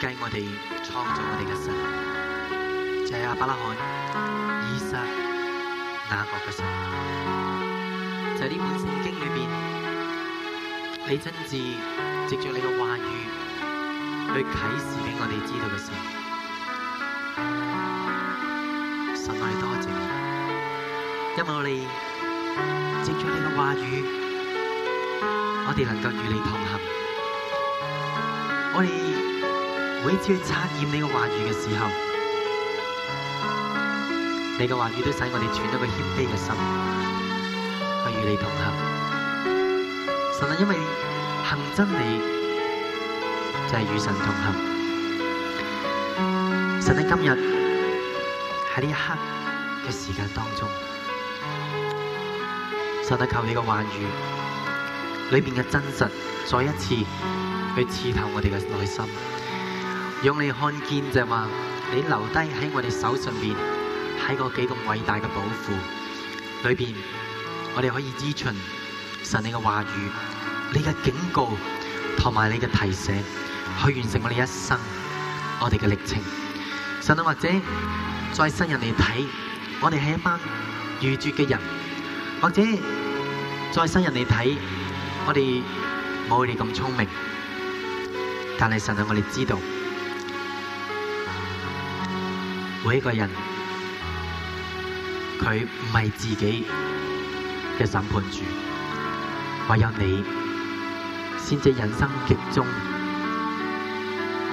計我哋創造我哋嘅神，就係亞伯拉罕、以撒、雅各嘅神，神就係呢本聖經裏邊，你真摯藉着你嘅話語去啟示俾我哋知道嘅事。實在多謝，因為我哋藉着你嘅話語，我哋能夠與你同行，我哋。每一次去察驗你嘅話語嘅時候，你嘅話語都使我哋轉到個謙卑嘅心，去與你同行。神啊，因為行真理，就係與神同行。神啊，今日喺呢一刻嘅時間當中，神啊，求你嘅話語裏邊嘅真實，再一次去刺透我哋嘅內心。讓你看見就話，你留低喺我哋手上邊，喺嗰幾個偉大嘅寶庫裏邊，我哋可以諮詢神你嘅話語，你嘅警告同埋你嘅提醒，去完成我哋一生，我哋嘅歷程。神啊，或者在新人嚟睇，我哋係一班愚拙嘅人；或者在新人嚟睇，我哋冇你咁聰明，但係神啊，我哋知道。每一個人，佢唔係自己嘅審判主，唯有你先至人生極終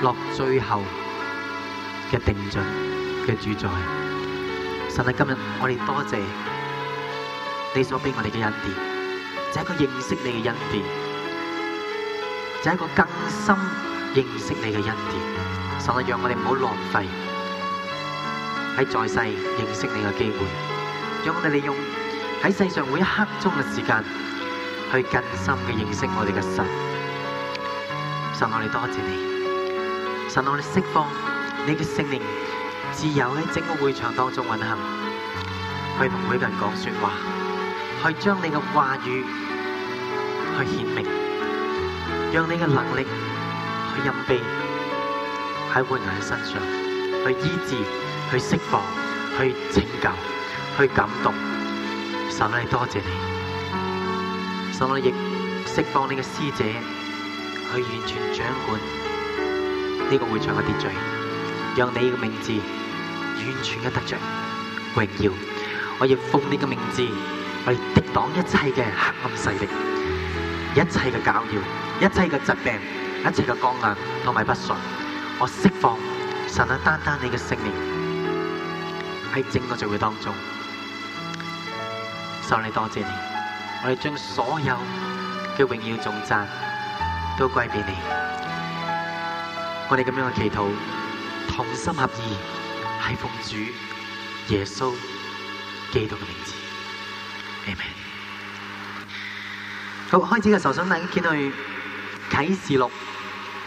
落最後嘅定準嘅主宰。神喺今日，我哋多謝你所畀我哋嘅恩典，就係一個認識你嘅恩典，就係一個更深認識你嘅恩典。神啊，讓我哋唔好浪費。喺在，在世認識你嘅機會，讓我哋利用喺世上每一刻鐘嘅時間，去更深嘅認識我哋嘅神。神我哋多謝你，神我哋釋放你嘅聖靈，自由喺整個會場當中運行，去同每個人講説話，去將你嘅話語去顯明，讓你嘅能力去印記喺會人嘅身上，去醫治。去釋放，去拯救，去感動，神啊，多謝你！神啊，亦釋放你嘅使者去完全掌管呢、這個會場嘅秩序，讓你嘅名字完全嘅得着榮耀。我要奉你嘅名字嚟抵擋一切嘅黑暗勢力，一切嘅攪擾，一切嘅疾病，一切嘅光暗同埋不順。我釋放神啊，單單你嘅性命。喺整個聚會當中，受你多謝你，我哋將所有嘅榮耀頌讚都歸俾你。我哋咁樣嘅祈禱，同心合意，係奉主耶穌基督嘅名字。阿門。好，開始嘅時候，想大家見到啟示錄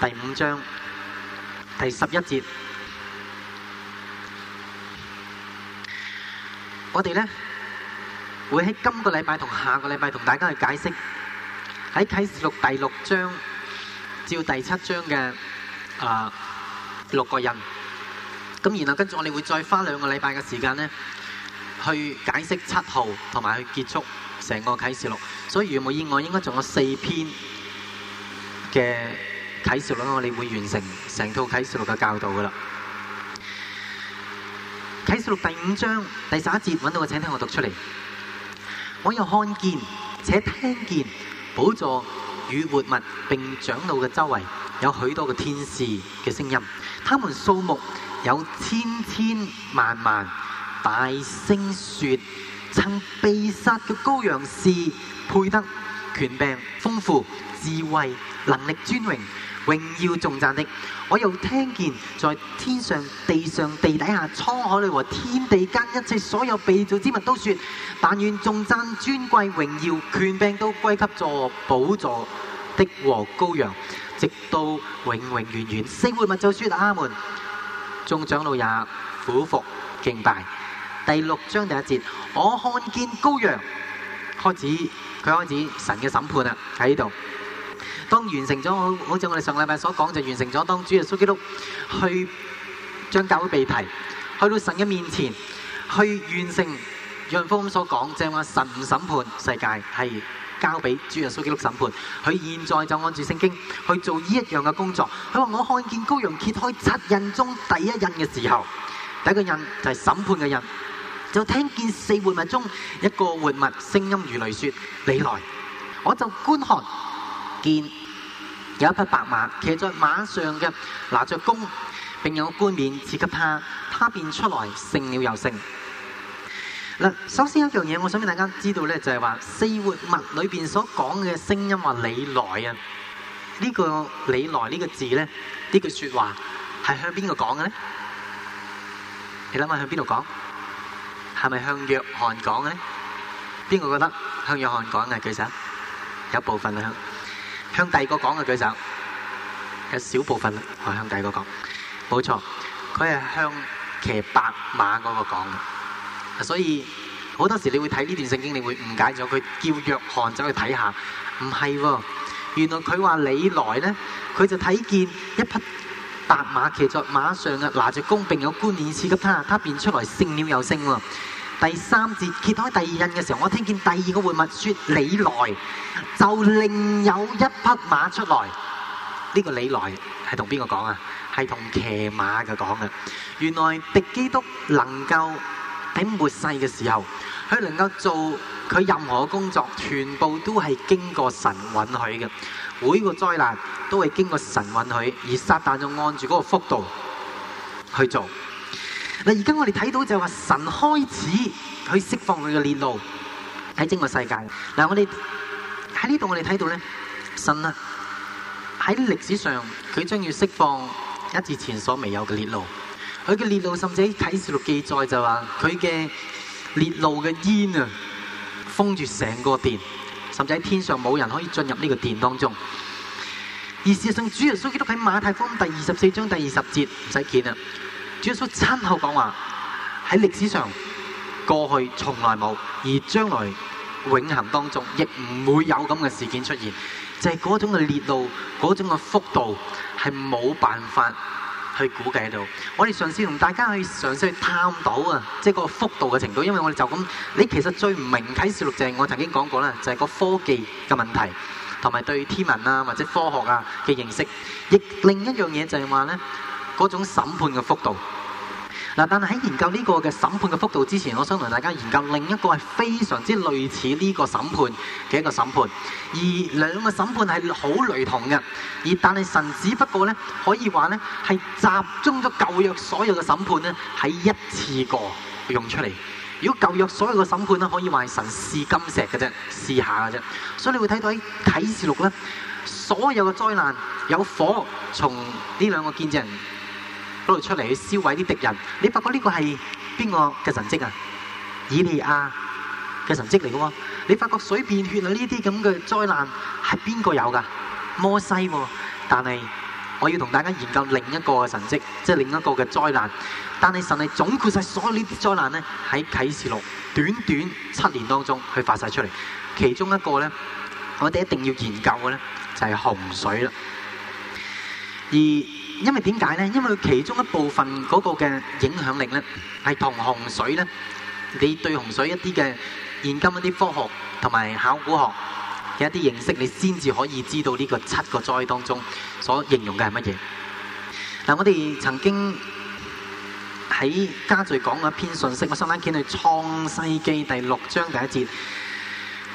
第五章第十一節。我哋呢會喺今個禮拜同下個禮拜同大家去解釋喺啟示錄第六章至第七章嘅啊、呃、六個人，然後跟住我哋會再花兩個禮拜嘅時間呢去解釋七號同埋去結束成個啟示錄，所以如果冇意外應該仲有四篇嘅啟示錄我哋會完成成套啟示錄嘅教導㗎喇。喺啟示錄第五章第十一節揾到個，請聽我讀出嚟。我又看見且聽見，寶座與活物並長老嘅周圍，有許多嘅天使嘅聲音，他們數目有千千萬萬，大聲說：曾被殺嘅羔羊是配得權柄、豐富、智慧、能力、尊榮、榮耀、頌讚的。我又聽見在天上、地上、地底下、滄海裏和天地間一切所有被造之物都說，但願眾讚尊貴榮耀權柄都歸給坐寶座的和羔羊，直到永永遠遠。四活物就說阿們。眾長老也俯伏敬拜。第六章第一節，我看見羔羊，開始佢開始神嘅審判啊！喺呢度。當完成咗，好似我哋上禮拜所講，就完成咗當主耶穌基督去將教會被提，去到神嘅面前，去完成約翰福音所講，即係話神唔審判世界，係交俾主耶穌基督審判。佢現在就按住聖經去做呢一樣嘅工作。佢話，我看見羔羊揭開七印中第一印嘅時候，第一個印就係審判嘅印，就聽見四活物中一個活物聲音如雷說：你來！我就觀看見。有一匹白馬，騎在馬上嘅拿着弓，並有冠冕賜給他，他便出來勝了又勝。嗱，首先一樣嘢，我想俾大家知道咧，就係話四活物裏面所講嘅聲音話你來啊，呢個你來呢個字咧，呢句說話係向邊個講嘅咧？你諗下向邊度講？係咪向約翰講咧？邊個覺得向約翰講嘅？舉手，有部分響。向第二個講嘅舉手，有少部分向第二個講，冇錯，佢係向騎白馬嗰個講嘅，所以好多時你會睇呢段聖經，你會誤解咗佢叫約翰走去睇下，唔係喎，原來佢話你來咧，佢就睇見一匹白馬騎在馬上嘅，拿着弓並有冠冕賜給他，他便出來勝了又勝喎。第三節揭開第二印嘅時候，我聽見第二個活物説：你來就另有一匹馬出來。呢、這個你來係同邊個講啊？係同騎馬嘅講嘅。原來敵基督能夠喺末世嘅時候，佢能夠做佢任何工作，全部都係經過神允許嘅。每個災難都係經過神允許，而撒旦就按住嗰個幅度去做。嗱，而家我哋睇到就係話神開始去釋放佢嘅烈怒喺整個世界。嗱，我哋喺呢度我哋睇到咧，神啊喺歷史上佢將要釋放一次前所未有嘅烈怒。佢嘅烈怒，甚至喺啟示錄記載就話佢嘅烈怒嘅煙啊封住成個殿，甚至喺天上冇人可以進入呢個殿當中。而事實上，主耶穌基督喺馬太福音第二十四章第二十節唔使見啦。主耶穌親口講話：喺歷史上過去從來冇，而將來永恆當中亦唔會有咁嘅事件出現。就係嗰種嘅烈度、嗰種嘅幅度係冇辦法去估計到。我哋上次同大家去上上去探討啊，即係個幅度嘅程度。因為我哋就咁，你其實最唔明啟示錄就係我曾經講過啦，就係個科技嘅問題同埋對天文啊或者科學啊嘅認識。亦另一樣嘢就係話咧。嗰種審判嘅幅度，嗱，但係喺研究呢個嘅審判嘅幅度之前，我想同大家研究另一個係非常之類似呢個審判嘅一個審判，而兩個審判係好雷同嘅，而但係神只不過呢，可以話呢，係集中咗舊約所有嘅審判呢，係一次過用出嚟。如果舊約所有嘅審判呢，可以話係神試金石嘅啫，試下嘅啫。所以你會睇到喺啟示錄呢，所有嘅災難有火從呢兩個見證人出嚟去銷毀啲敵人，你發覺呢個係邊個嘅神蹟啊？以利亞嘅神蹟嚟嘅喎，你發覺水變血啊！呢啲咁嘅災難係邊個有噶？摩西、哦，但係我要同大家研究另一個嘅神蹟，即係另一個嘅災難。但係神係總括晒所有呢啲災難呢，喺啟示錄短，短短七年當中去發晒出嚟。其中一個呢，我哋一定要研究嘅呢，就係、係、洪水啦。而因為點解呢？因為佢其中一部分嗰個嘅影響力呢，係同洪水呢，你對洪水一啲嘅現今一啲科學同埋考古學嘅一啲認識，你先至可以知道呢個七個災當中所形容嘅係乜嘢。嗱，我哋曾經喺家聚講嗰篇信息，我上翻見喺創世記第六章第一節。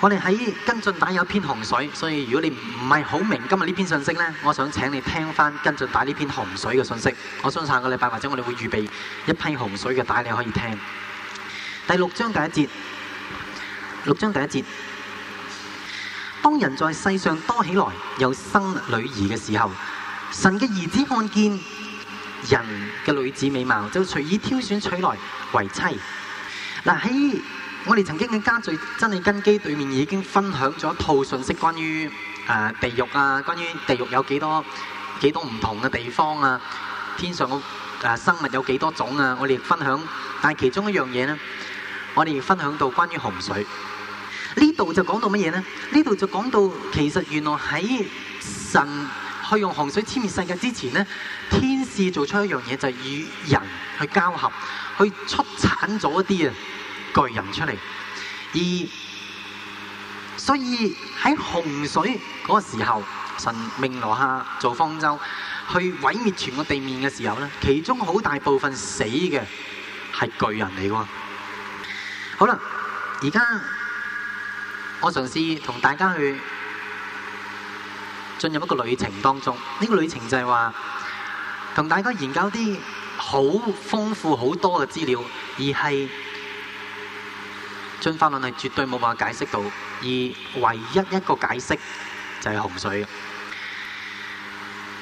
我哋喺跟進帶有一篇洪水，所以如果你唔係好明今日呢篇信息呢，我想請你聽翻跟進帶呢篇洪水嘅信息。我相信下個禮拜或者我哋會預備一批洪水嘅帶你可以聽。第六章第一節，六章第一節，當人在世上多起來，又生女兒嘅時候，神嘅兒子看見人嘅女子美貌，就隨意挑選娶來為妻。嗱喺我哋曾經喺家聚真理根基對面已經分享咗一套信息，關於誒地獄啊，關於地獄有幾多幾多唔同嘅地方啊，天上嘅誒生物有幾多種啊，我哋分享。但係其中一樣嘢咧，我哋亦分享到關於洪水。這裏就到什麼呢度就講到乜嘢咧？呢度就講到其實原來喺神去用洪水殲滅世界之前咧，天使做出一樣嘢，就係與人去交合，去出產咗一啲啊。巨人出嚟，而所以喺洪水嗰個時候，神命挪亞造方舟去毀滅全個地面嘅時候咧，其中好大部分死嘅係巨人嚟嘅。好啦，而家我嘗試同大家去進入一個旅程當中，呢、這個旅程就係話同大家研究啲好豐富好多嘅資料，而係。進化論係絕對冇辦法解釋到，而唯一一個解釋就係洪水。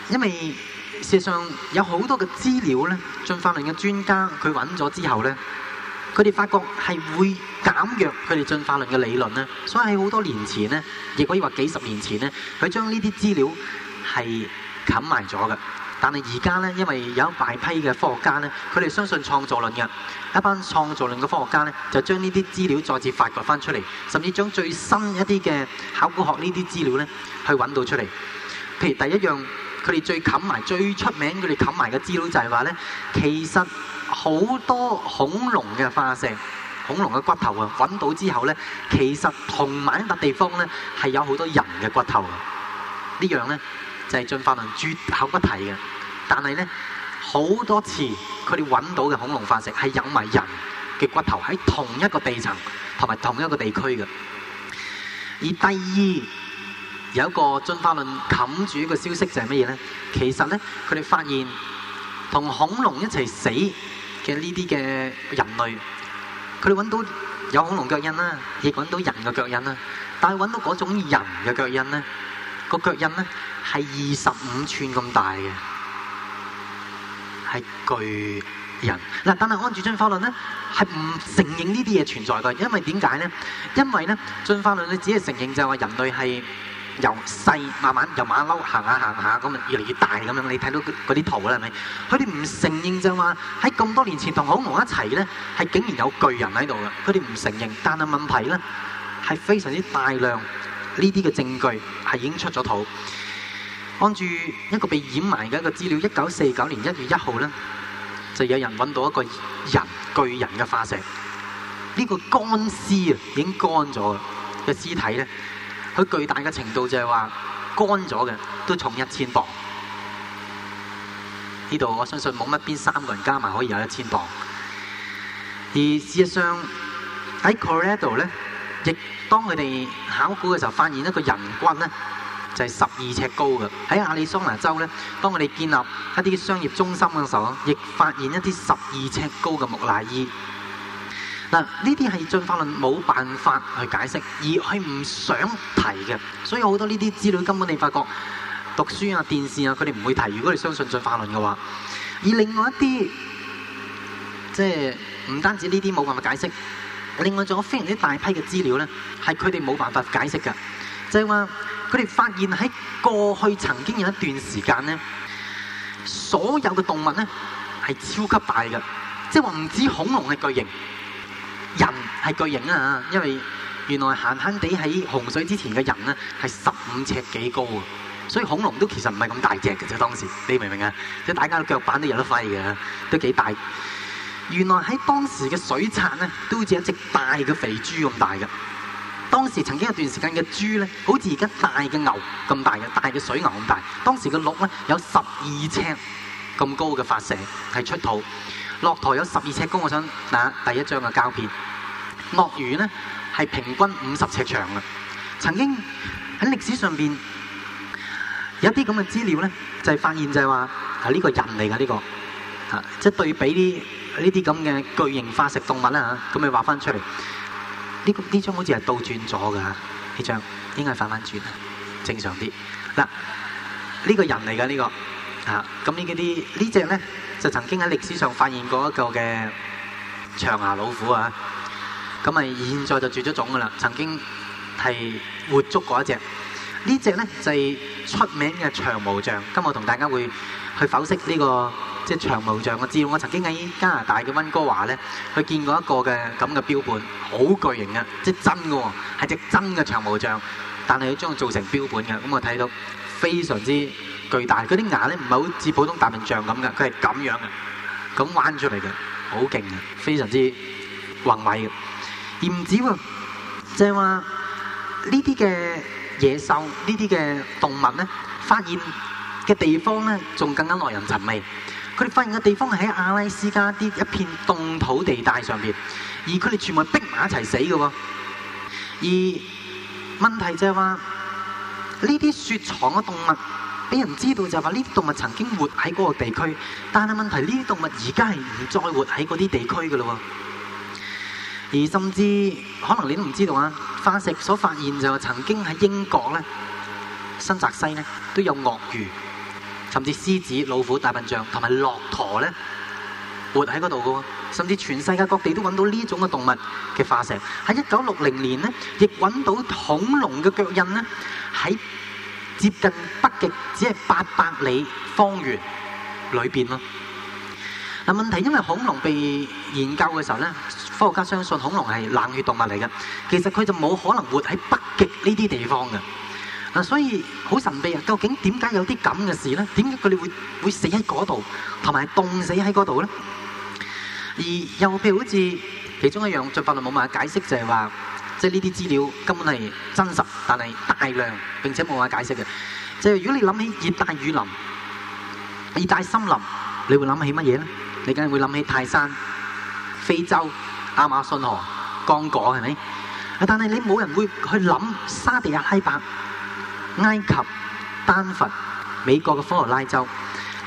因為事實上有好多嘅資料咧，進化論嘅專家佢揾咗之後呢，佢哋發覺係會減弱佢哋進化論嘅理論呢，所以喺好多年前呢，亦可以話幾十年前呢，佢將呢啲資料係冚埋咗嘅。但係而家呢，因為有一大批嘅科學家呢，佢哋相信創造論嘅一班創造論嘅科學家呢，就將呢啲資料再次發掘翻出嚟，甚至將最新一啲嘅考古學呢啲資料呢去揾到出嚟。譬如第一樣，佢哋最冚埋最出名的，佢哋冚埋嘅資料就係話呢，其實好多恐龍嘅化石、恐龍嘅骨頭啊，揾到之後呢，其實同埋一笪地方呢係有好多人嘅骨頭啊！呢樣呢，就係、是、進化論絕口不提嘅。但係咧，好多次佢哋揾到嘅恐龍化石係有埋人嘅骨頭，喺同一個地層同埋同一個地區嘅。而第二有一個進化論冚住呢個消息就係乜嘢咧？其實咧，佢哋發現同恐龍一齊死嘅呢啲嘅人類，佢哋揾到有恐龍腳印啦，亦揾到人嘅腳印啦。但係揾到嗰種人嘅腳印咧，個腳印咧係二十五寸咁大嘅。巨人嗱，但係按住進化論咧係唔承認呢啲嘢存在噶，因為點解咧？因為咧，進化論咧只係承認就係話人類係由細慢慢由馬騮行下行下咁啊，越嚟越大咁樣，你睇到嗰啲圖啦，係咪？佢哋唔承認就話喺咁多年前同恐龍一齊咧，係竟然有巨人喺度噶，佢哋唔承認。但係問題咧係非常之大量呢啲嘅證據係已經出咗土。按住一個被掩埋嘅一個資料，一九四九年一月一號呢，就有人揾到一個人巨人嘅化石。呢個乾屍啊，已經乾咗嘅屍體呢，佢巨大嘅程度就係話乾咗嘅都重一千磅。呢度我相信冇乜邊三個人加埋可以有一千磅。而事實上喺 Colorado 呢，亦當佢哋考古嘅時候發現一個人骨呢。就係十二尺高嘅，喺亞利桑拿州呢，當我哋建立一啲商業中心嘅時候，亦發現一啲十二尺高嘅木乃伊。嗱，呢啲係進化論冇辦法去解釋，而係唔想提嘅。所以好多呢啲資料根本你發覺讀書啊、電視啊，佢哋唔會提。如果你相信進化論嘅話，而另外一啲即係唔單止呢啲冇辦法解釋，另外仲有非常之大批嘅資料呢，係佢哋冇辦法解釋嘅，即係話。佢哋發現喺過去曾經有一段時間咧，所有嘅動物咧係超級大嘅，即係話唔止恐龍係巨型，人係巨型啊！因為原來閒閒地喺洪水之前嘅人咧係十五尺幾高啊，所以恐龍都其實唔係咁大隻嘅啫。當時你明唔明啊？即係大家嘅腳板都有得揮嘅，都幾大。原來喺當時嘅水產咧，都好似一隻大嘅肥豬咁大嘅。當時曾經有段時間嘅豬咧，好似而家大嘅牛咁大嘅，大嘅水牛咁大。當時嘅鹿咧有十二尺咁高嘅化石，係出土，駱駝有十二尺高。我想嗱第一張嘅膠片，鱷魚咧係平均五十尺長嘅。曾經喺歷史上邊有一啲咁嘅資料咧，就係、是、發現就係話啊呢、這個是人嚟㗎呢個，啊即、就是、對比啲呢啲咁嘅巨型化石動物啦嚇，咁咪畫翻出嚟。呢呢張好似係倒轉咗㗎，呢張應該係反翻轉啊，正常啲。嗱，呢個人嚟㗎呢個，啊、這個，咁呢嗰啲呢隻咧就曾經喺歷史上發現過一個嘅長牙老虎啊，咁咪現在就絕咗種㗎啦。曾經係活捉過一隻，這個、呢隻咧就係、是、出名嘅長毛象。今日同大家會去剖析呢、這個。即係長毛象，我知道。我曾經喺加拿大嘅溫哥華咧，佢見過一個嘅咁嘅標本，好巨型呀，即係真嘅，係隻真嘅長毛象，但係佢將佢做成標本嘅。咁我睇到非常之巨大，佢啲牙咧唔係好似普通大笨象咁嘅，佢係咁樣嘅，咁彎出嚟嘅，好勁呀，非常之宏偉。而唔止喎，即係話呢啲嘅野獸、呢啲嘅動物咧，發現嘅地方咧，仲更加耐人尋味。佢哋發現嘅地方係喺阿拉斯加啲一片凍土地帶上邊，而佢哋全部係逼埋一齊死嘅喎。而問題就係話，呢啲雪藏嘅動物俾人知道就係話，呢啲動物曾經活喺嗰個地區，但係問題呢啲動物而家係唔再活喺嗰啲地區嘅咯。而甚至可能你都唔知道啊，化石所發現就曾經喺英國咧、新澤西咧都有鱷魚。甚至獅子、老虎、大笨象同埋駱駝咧，活喺嗰度噶喎。甚至全世界各地都揾到呢種嘅動物嘅化石。喺一九六零年咧，亦揾到恐龍嘅腳印咧，喺接近北極，只係八百里方圓裏邊咯。嗱，問題因為恐龍被研究嘅時候咧，科學家相信恐龍係冷血動物嚟嘅，其實佢就冇可能活喺北極呢啲地方嘅。嗱，所以好神秘啊！究竟點解有啲咁嘅事咧？點解佢哋會會死喺嗰度，同埋凍死喺嗰度咧？而又譬如好似其中一樣，最法律冇乜解釋，就係話即係呢啲資料根本係真實，但係大量並且冇乜解釋嘅。即係如果你諗起熱帶雨林、熱帶森林，你會諗起乜嘢咧？你梗係會諗起泰山、非洲、亞馬遜河、剛果，係咪？但係你冇人會去諗沙地阿拉伯。埃及、丹佛、美國嘅科羅拉州，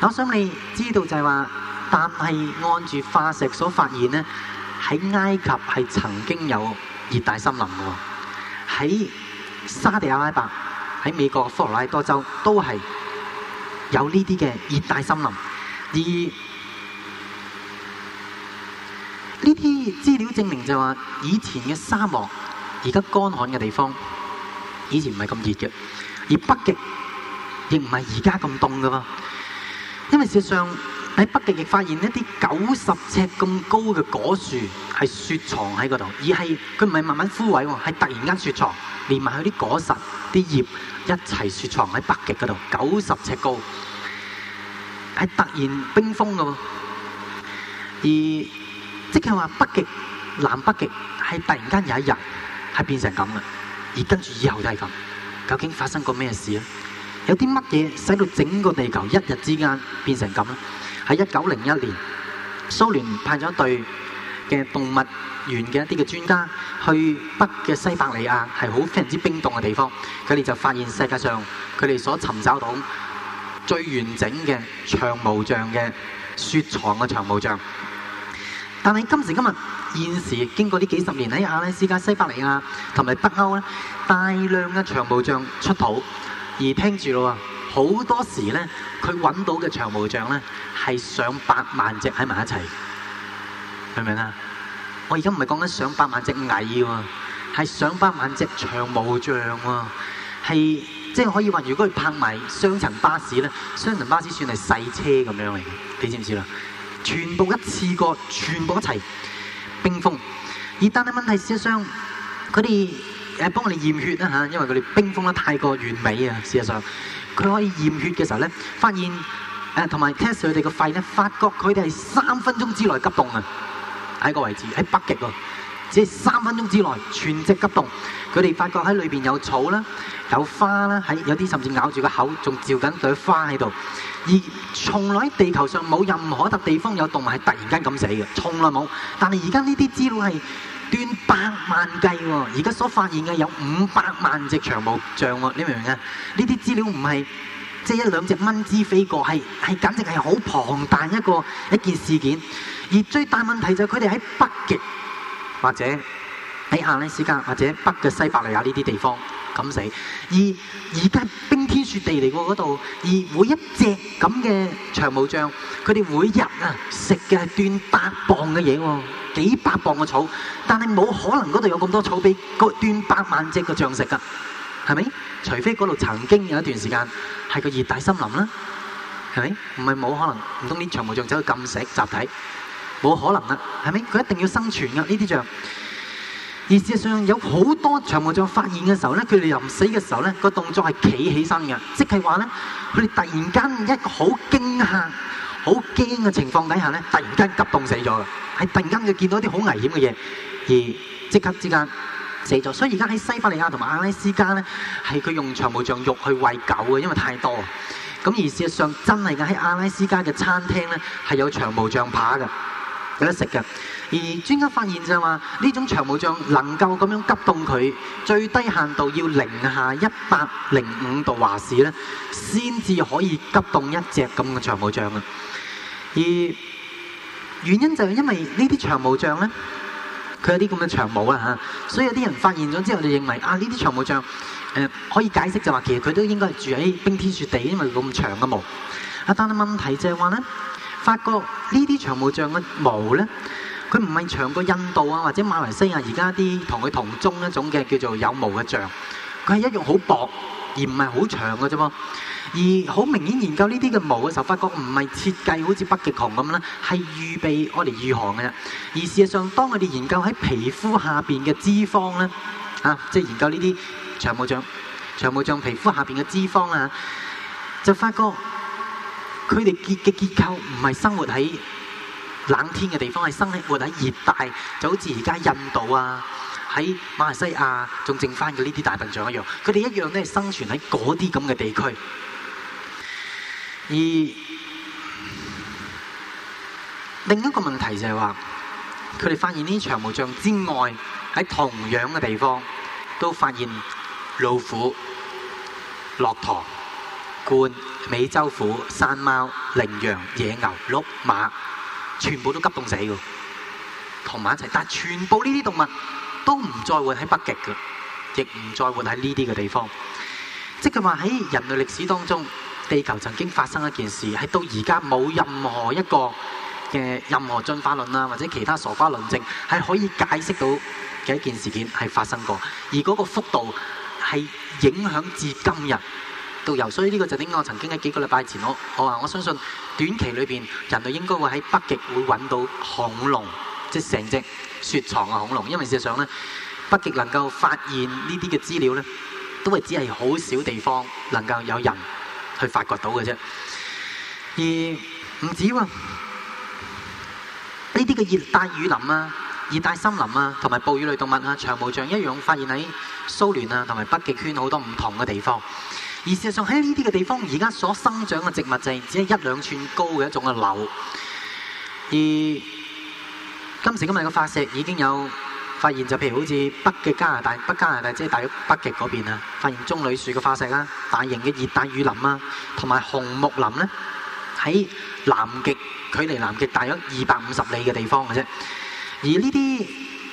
我想你知道就係話，但係按住化石所發現咧，喺埃及係曾經有熱帶森林嘅喎，喺沙地阿拉伯、喺美國嘅科羅拉多州都係有呢啲嘅熱帶森林。而呢啲資料證明就話，以前嘅沙漠而家乾旱嘅地方，以前唔係咁熱嘅。而北極亦唔係而家咁凍㗎嘛，因為事實上喺北極亦發現一啲九十尺咁高嘅果樹係雪藏喺嗰度，而係佢唔係慢慢枯萎喎，係突然間雪藏，連埋佢啲果實、啲葉一齊雪藏喺北極嗰度，九十尺高，係突然冰封㗎嘛。而即係話北極、南北極係突然間有一日係變成咁嘅，而跟住以後都係咁。究竟發生過咩事啊？有啲乜嘢使到整個地球一日之間變成咁咧？喺一九零一年，蘇聯派咗隊嘅動物園嘅一啲嘅專家去北嘅西伯利亞，係好非常之冰凍嘅地方，佢哋就發現世界上佢哋所尋找到最完整嘅長毛象嘅雪藏嘅長毛象，但係今時今日。現時經過呢幾十年喺阿拉斯加、西伯利亞同埋北歐咧，大量嘅長毛象出土，而聽住咯，好多時咧佢揾到嘅長毛象咧係上百萬隻喺埋一齊，明唔明啊？我而家唔係講緊上百萬隻蟻喎，係上百萬隻長毛象喎，係即係可以話，如果佢泊埋雙層巴士咧，雙層巴士算係細車咁樣嚟嘅，你知唔知啦？全部一次過，全部一齊。冰封，而但係問題是，事實上佢哋誒幫我哋驗血啊嚇，因為佢哋冰封得太過完美啊。事實上，佢可以驗血嘅時候咧，發現誒同埋 test 佢哋個肺咧，發覺佢哋係三分鐘之內急凍啊！喺個位置喺北極喎，即係三分鐘之內全隻急凍。佢哋發覺喺裏邊有草啦，有花啦，喺有啲甚至咬住個口仲照緊朵花喺度。而從來地球上冇任何一笪地方有動物係突然間咁死嘅，從來冇。但係而家呢啲資料係斷百萬計喎，而家所發現嘅有五百萬隻長毛象喎，你明唔明啊？呢啲資料唔係即係一兩隻蚊子飛過，係係，簡直係好龐大一個一件事件。而最大問題就係佢哋喺北極，或者喺阿拉斯加，或者北嘅西伯利亞呢啲地方。咁死，而而家冰天雪地嚟過嗰度，而每一隻咁嘅長毛象，佢哋每日啊食嘅係段百磅嘅嘢喎，幾百磅嘅草，但係冇可能嗰度有咁多草俾個段百萬隻嘅象食㗎，係咪？除非嗰度曾經有一段時間係個熱帶森林啦，係咪？唔係冇可能，唔通啲長毛象走去禁食集體，冇可能啦，係咪？佢一定要生存㗎呢啲象。而事實上有好多長毛象發現嘅時候咧，佢哋臨死嘅時候咧，個動作係企起身嘅，即係話咧，佢哋突然間一個好驚嚇、好驚嘅情況底下咧，突然間急凍死咗嘅，喺突然間佢見到啲好危險嘅嘢，而即刻之間死咗。所以而家喺西伯利亞同埋阿拉斯加咧，係佢用長毛象肉去餵狗嘅，因為太多。咁而事實上真係嘅。喺阿拉斯加嘅餐廳咧，係有長毛象扒嘅，有得食嘅。而專家發現就話，呢種長毛象能夠咁樣急凍佢最低限度要零下一百零五度華氏咧，先至可以急凍一隻咁嘅長毛象啊。而原因就係因為呢啲長毛象咧，佢有啲咁嘅長毛啊嚇，所以有啲人發現咗之後就認為啊，呢啲長毛象誒、呃、可以解釋就話，其實佢都應該係住喺冰天雪地，因為佢咁長嘅毛。啊，但係問題就係話咧，發覺呢啲長毛象嘅毛咧。佢唔係長過印度啊，或者馬來西亞而家啲同佢同宗一種嘅叫做有毛嘅象，佢係一樣好薄而唔係好長嘅啫噃。而好明顯研究呢啲嘅毛嘅時候，發覺唔係設計好似北極熊咁啦，係預備我哋御寒嘅啫。而事實上，當我哋研究喺皮膚下邊嘅脂肪咧，嚇、啊，即係研究呢啲長毛象、長毛象皮膚下邊嘅脂肪啊，就發覺佢哋結嘅結構唔係生活喺冷天嘅地方，係生活喺熱帶，就好似而家印度啊，喺馬來西亞仲剩返嘅呢啲大笨象一樣，佢哋一樣都係生存喺嗰啲咁嘅地區。而另一個問題就係話，佢哋發現呢啲長毛象之外，喺同樣嘅地方都發現老虎、駱駝、冠美洲虎、山貓、羚羊、野牛、鹿、馬。全部都急凍死嘅，同埋一齊。但係全部呢啲動物都唔再活喺北極嘅，亦唔再活喺呢啲嘅地方。即係話喺人類歷史當中，地球曾經發生一件事，係到而家冇任何一個嘅任何進化論啊，或者其他傻瓜論證係可以解釋到嘅一件事件係發生過，而嗰個幅度係影響至今日。到遊，所以呢個就點解？我曾經喺幾個禮拜前，我我話我相信短期裏邊人類應該會喺北極會揾到恐龍，即係成隻雪藏嘅恐龍。因為事實上呢，北極能夠發現呢啲嘅資料呢，都係只係好少地方能夠有人去發掘到嘅啫。而唔止喎、啊，呢啲嘅熱帶雨林啊、熱帶森林啊，同埋哺乳類動物啊、長毛象一樣，發現喺蘇聯啊同埋北極圈好多唔同嘅地方。而事實上喺呢啲嘅地方，而家所生長嘅植物就係只係一兩寸高嘅一種嘅柳。而今時今日嘅化石已經有發現，就譬如好似北極加拿大、北加拿大即係大約北極嗰邊啊，發現棕櫚樹嘅化石啦、啊，大型嘅熱帶雨林啊，同埋紅木林咧，喺南極距離南極大約二百五十里嘅地方嘅啫。而呢啲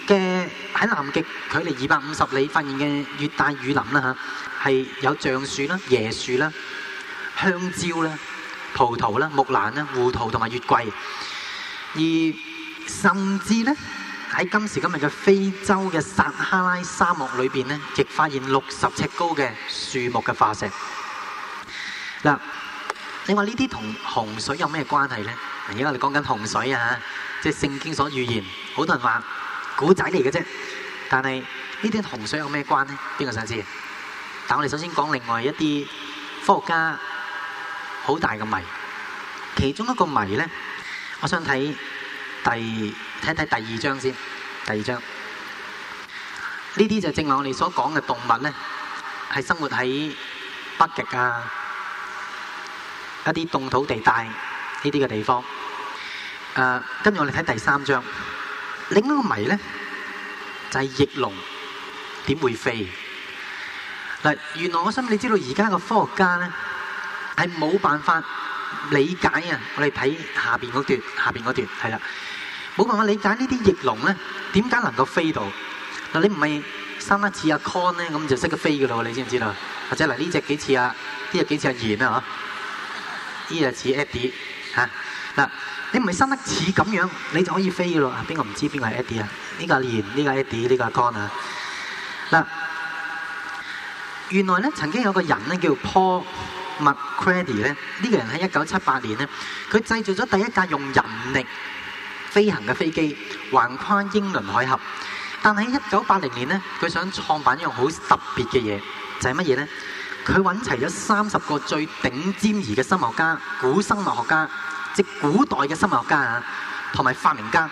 嘅喺南極距離二百五十里發現嘅熱帶雨林啦嚇。係有橡樹啦、椰樹啦、香蕉啦、葡萄啦、木蘭啦、胡桃同埋月桂，而甚至咧喺今時今日嘅非洲嘅撒哈拉沙漠裏邊咧，亦發現六十尺高嘅樹木嘅化石。嗱，你話呢啲同洪水有咩關係咧？而家我哋講緊洪水啊，即係聖經所預言。好多人話古仔嚟嘅啫，但係呢啲同洪水有咩關咧？邊個想知？但我哋首先講另外一啲科學家好大嘅謎，其中一個謎呢，我想睇第睇睇第二章先。第二章呢啲就正我哋所講嘅動物呢，係生活喺北極啊一啲凍土地帶呢啲嘅地方。誒，跟住我哋睇第三章。另一個謎呢就係翼龍點會飛？嗱，原來我想你知道而家個科學家咧係冇辦法理解啊！我哋睇下邊嗰段，下邊嗰段係啦，冇辦法理解這些龍呢啲翼龍咧點解能夠飛到嗱？你唔係生得似阿 con 咧，咁就識得飛噶啦。你知唔知道？或者嚟呢隻幾似啊？呢隻幾似阿賢啊？嗬？呢隻似 Eddie 嚇嗱？你唔係生得似咁樣，你就可以飛咯？邊個唔知邊個係 Eddie 啊？呢個賢，呢個係 Eddie，呢個阿 con 啊嗱。這個原來咧，曾經有個人咧，叫 Paul McCready 咧，呢個人喺一九七八年咧，佢製造咗第一架用人力飛行嘅飛機，橫跨英倫海峽。但喺一九八零年咧，佢想創辦一樣好特別嘅嘢，就係乜嘢呢？佢揾齊咗三十個最頂尖兒嘅生物學家、古生物學家，即古代嘅生物學家啊，同埋發明家。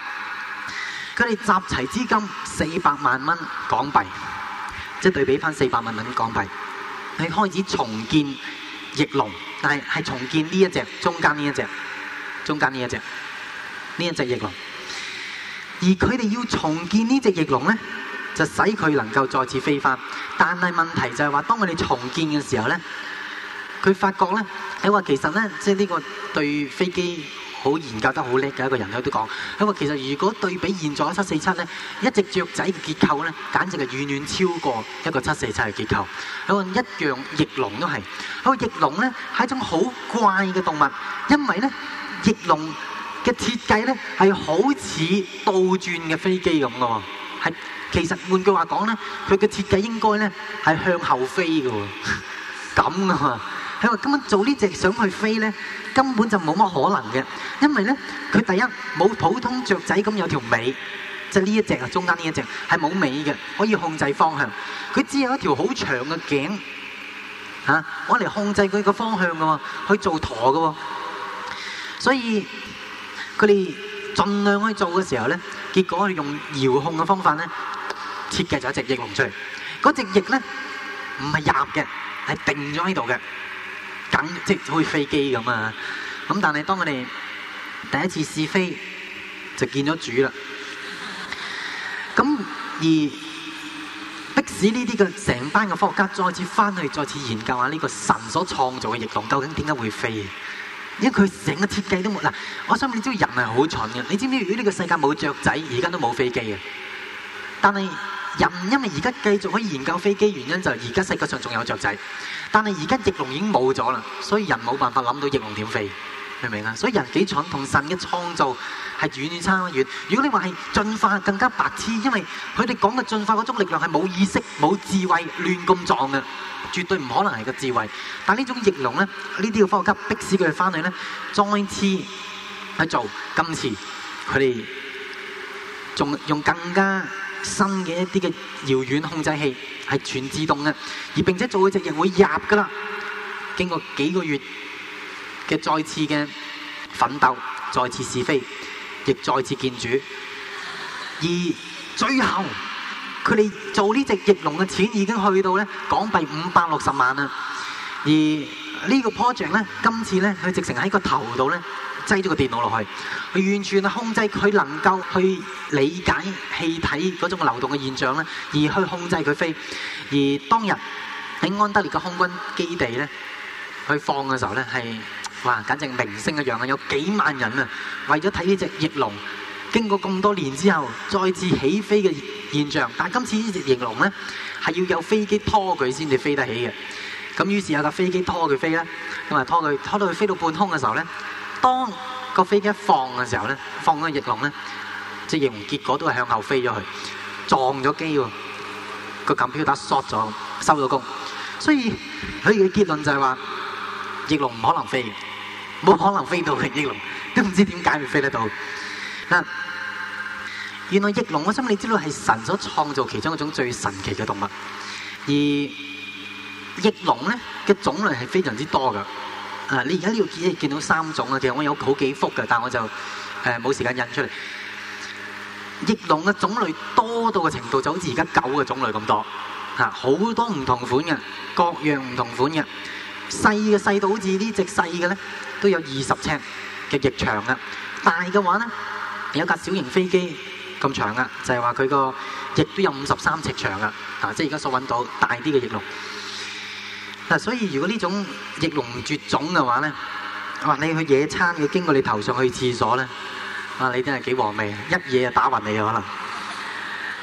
佢哋集齊資金四百萬蚊港幣。即係對比翻四百萬蚊港幣，佢開始重建翼龍，但係係重建呢一隻中間呢一隻中間呢一隻呢一隻翼龍。而佢哋要重建呢隻翼龍咧，就使佢能夠再次飛翻。但係問題就係話，當我哋重建嘅時候咧，佢發覺咧係話其實咧，即係呢個對飛機。好研究得好叻嘅一個人，佢都講。因為其實如果對比現在嘅七四七咧，一隻雀仔嘅結構咧，簡直係遠遠超過一個七四七嘅結構。佢話一樣翼龍都係。佢話翼龍咧係一種好怪嘅動物，因為咧翼龍嘅設計咧係好似倒轉嘅飛機咁嘅喎。係其實換句話講咧，佢嘅設計應該咧係向後飛㗎喎。咁嘅嘛。佢話根本做呢隻想去飛咧，根本就冇乜可能嘅，因為咧佢第一冇普通雀仔咁有條尾，就係呢一隻啊，中間呢一隻係冇尾嘅，可以控制方向。佢只有一條好長嘅頸呀，我嚟控制佢個方向嘅，可以做舵嘅。所以佢哋盡量去做嘅時候咧，結果係用遙控嘅方法咧，設計咗一隻翼龍出嚟。嗰隻翼咧唔係鴨嘅，係定咗喺度嘅。即係好似可以飛機咁啊！咁但係當我哋第一次試飛，就見咗主啦。咁而迫使呢啲嘅成班嘅科學家再次翻去，再次研究下呢個神所創造嘅翼龍究竟點解會飛？因為佢成個設計都冇嗱。我想問你知道，即人係好蠢嘅，你知唔知？如果呢個世界冇雀仔，而家都冇飛機呀。但係人因為而家繼續可以研究飛機，原因就係而家世界上仲有雀仔。但係而家翼龍已經冇咗啦，所以人冇辦法諗到翼龍點飛，明唔明啊？所以人幾蠢，同神嘅創造係遠遠差得遠。如果你話係進化更加白痴，因為佢哋講嘅進化嗰種力量係冇意識、冇智慧、亂咁撞嘅，絕對唔可能係個智慧。但係呢種翼龍咧，呢啲嘅科學家逼使佢哋翻去咧，再次去做，今次佢哋仲用更加新嘅一啲嘅遙遠控制器。係全自動嘅，而並且做嗰隻翼會入噶啦。經過幾個月嘅再次嘅奮鬥，再次試飛，亦再次見主。而最後佢哋做呢隻翼龍嘅錢已經去到咧港幣五百六十萬啦。而這個呢個 project 咧，今次咧佢直成喺個頭度咧。擠咗個電腦落去，佢完全係控制佢能夠去理解氣體嗰種流動嘅現象咧，而去控制佢飛。而當日喺安德烈嘅空軍基地咧，去放嘅時候咧，係，哇，簡直明星一樣啊！有幾萬人啊，為咗睇呢隻翼龍經過咁多年之後再次起飛嘅現象。但係今次呢隻翼龍咧，係要有飛機拖佢先至飛得起嘅。咁於是有架飛機拖佢飛咧，咁啊，拖佢拖到佢飛到半空嘅時候咧。當個飛機一放嘅時候呢，放咗翼龍呢，呢隻翼龍結果都係向後飛咗去，撞咗機喎，個電腦縮咗，收咗工。所以佢嘅結論就係話，翼龍唔可能飛，冇可能飛到嘅，翼龍都唔知點解會飛得到嘑。原來翼龍嘅心理智力係神所創造其中一種最神奇嘅動物，而翼龍呢嘅種類係非常之多㗎。嗱，你而家呢度見到見到三種啊，其實我有好幾幅嘅，但係我就誒冇、呃、時間印出嚟。翼龍嘅種類多到嘅程度，就好似而家狗嘅種類咁多，嚇好多唔同款嘅，各樣唔同款嘅，細嘅細到好似呢隻細嘅咧，都有二十尺嘅翼長啊，大嘅話咧有架小型飛機咁長啊，就係話佢個翼都有五十三尺長啊，啊，即係而家所揾到大啲嘅翼龍。所以如果呢種翼龍絕種嘅話咧，哇！你去野餐要經過你頭上去廁所咧，啊！你真係幾和味，一嘢就打暈你啊可能。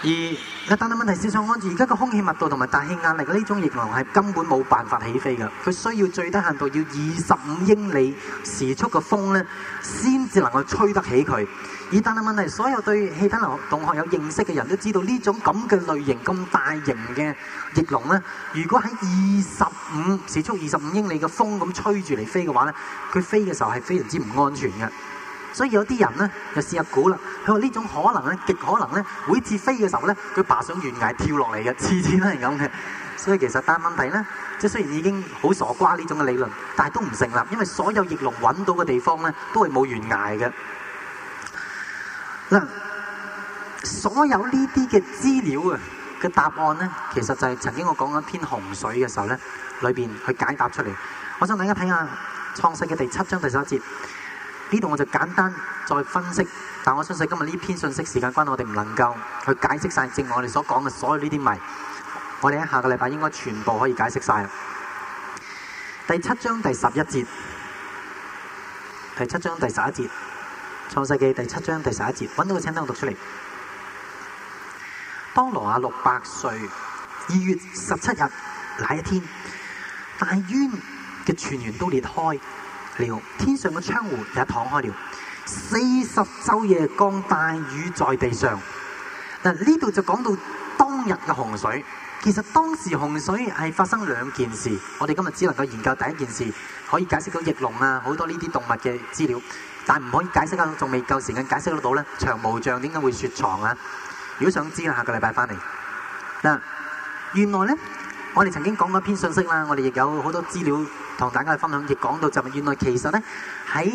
而但係問題，先生關注，而家個空氣密度同埋大氣壓力，呢種翼龍係根本冇辦法起飛嘅，佢需要最低限度要二十五英里時速嘅風咧，先至能夠吹得起佢。而但係問題，所有對氣吞龍同學有認識嘅人都知道，呢種咁嘅類型、咁大型嘅翼龍咧，如果喺二十五時速、二十五英里嘅風咁吹住嚟飛嘅話咧，佢飛嘅時候係非常之唔安全嘅。所以有啲人咧，就試入估啦，佢話呢種可能咧，極可能咧，每次飛嘅時候咧，佢爬上懸崖跳落嚟嘅，次次都係咁嘅。所以其實但係問題咧，即係雖然已經好傻瓜呢種嘅理論，但係都唔成立，因為所有翼龍揾到嘅地方咧，都係冇懸崖嘅。嗱，所有呢啲嘅資料啊，嘅答案呢，其實就係曾經我講緊篇洪水嘅時候呢，裏邊去解答出嚟。我想大家睇下創世嘅第七章第十一節，呢度我就簡單再分析。但我相信今日呢篇信息，時間關係，我哋唔能夠去解釋晒，正我哋所講嘅所有呢啲謎。我哋喺下個禮拜應該全部可以解釋晒。第七章第十一節，第七章第十一節。創世紀第七章第十一節，搵到個請等，我讀出嚟。當羅亞六百歲，二月十七日那一天，大淵嘅泉源都裂開了，天上嘅窗戶也敞開了。四十晝夜降大雨在地上。嗱，呢度就講到當日嘅洪水。其實當時洪水係發生兩件事，我哋今日只能夠研究第一件事，可以解釋到翼龍啊好多呢啲動物嘅資料。但唔可以解釋到，仲未夠時間解釋得到咧。長毛象點解會雪藏啊？如果想知啦，下個禮拜翻嚟嗱。原來咧，我哋曾經講過一篇信息啦，我哋亦有好多資料同大家去分享，亦講到就係原來其實咧，喺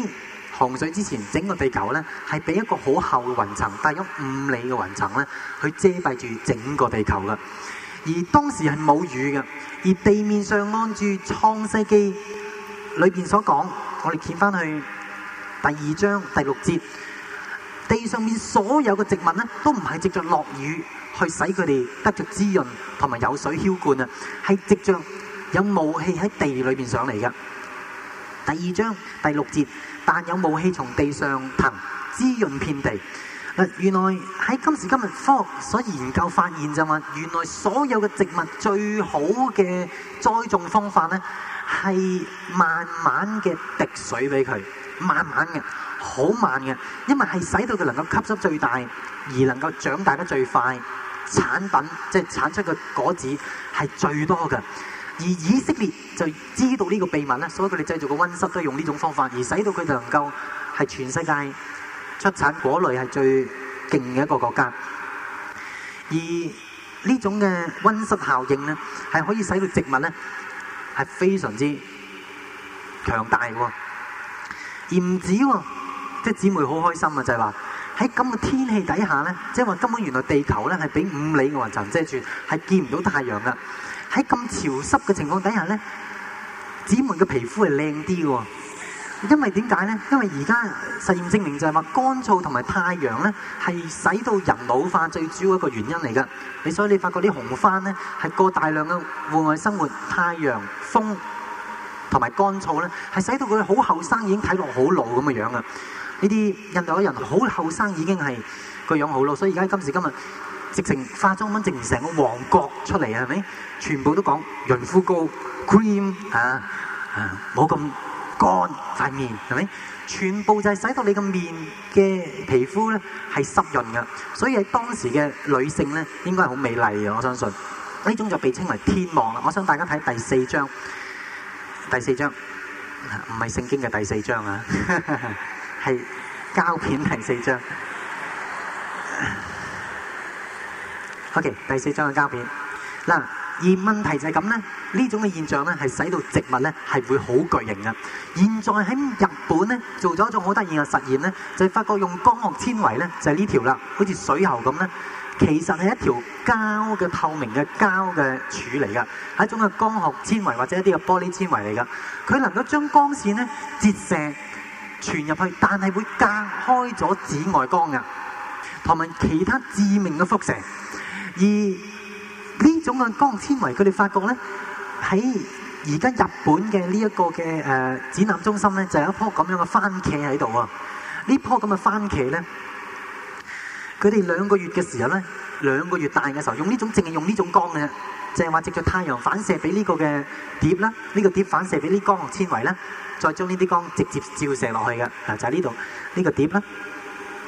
洪水之前，整個地球咧係俾一個好厚嘅雲層，大約五里嘅雲層咧去遮蔽住整個地球噶。而當時係冇雨嘅，而地面上按住《創世記》裏邊所講，我哋揀翻去。第二章第六節，地上面所有嘅植物咧，都唔係藉著落雨去使佢哋得著滋潤同埋有水澆灌啊，係藉著有霧氣喺地裏邊上嚟嘅。第二章第六節，但有霧氣從地上騰滋潤遍地。原來喺今時今日科學所研究發現就話，原來所有嘅植物最好嘅栽種方法咧，係慢慢嘅滴水俾佢。慢慢嘅，好慢嘅，因為係使到佢能夠吸收最大，而能夠長大得最快，產品即係產出的果子係最多嘅。而以色列就知道呢個秘密咧，所以佢哋製造個溫室都用呢種方法，而使到佢哋能夠係全世界出產果類係最勁嘅一個國家。而呢種嘅溫室效應咧，係可以使到植物咧係非常之強大的。唔止喎、哦，即係姊妹好開心啊！就係話喺咁嘅天氣底下咧，即係話根本原來地球咧係俾五里嘅雲層遮住，係見唔到太陽噶。喺咁潮濕嘅情況底下咧，姊妹嘅皮膚係靚啲喎。因為點解咧？因為而家實驗證明就係話乾燥同埋太陽咧係使到人老化最主要一個原因嚟噶。你所以你發覺啲紅番咧係過大量嘅戶外生活，太陽風。同埋乾燥咧，係使到佢好後生已經睇落好老咁嘅樣啊！呢啲印度嘅人好後生已經係個樣好老，所以而家今時今日直情化妝品直成個王國出嚟係咪？全部都講潤膚膏 cream 嚇嚇，冇咁乾塊面係咪？全部就係使到你嘅面嘅皮膚咧係濕潤嘅，所以喺當時嘅女性咧應該係好美麗嘅，我相信呢種就被稱為天王啦。我想大家睇第四章。第四章唔係聖經嘅第四章啊，係 膠片第四張。OK，第四張嘅膠片嗱，而問題就係咁呢，呢種嘅現象呢係使到植物呢係會好巨型嘅。現在喺日本呢，做咗一種好得意嘅實驗呢，就係、發覺用光學纖維呢，就係呢條啦，好似水喉咁呢。其實係一條膠嘅透明嘅膠嘅柱嚟，㗎係一種嘅光學纖維或者一啲嘅玻璃纖維嚟噶。佢能夠將光線咧折射傳入去，但係會隔開咗紫外光噶，同埋其他致命嘅輻射。而呢種嘅光纖維，佢哋發覺呢在喺而家日本嘅呢一個嘅展覽中心呢，就有一棵咁樣嘅番茄喺度喎。呢呢棵咁樣嘅番茄呢。佢哋兩個月嘅時候咧，兩個月大嘅時候，用呢種淨係用呢種光嘅，淨係話藉著太陽反射俾呢個嘅碟啦，呢、呢個碟反射俾呢光學纖維咧，再將呢啲光直接照射落去嘅，嗱，就係呢度呢個碟啦，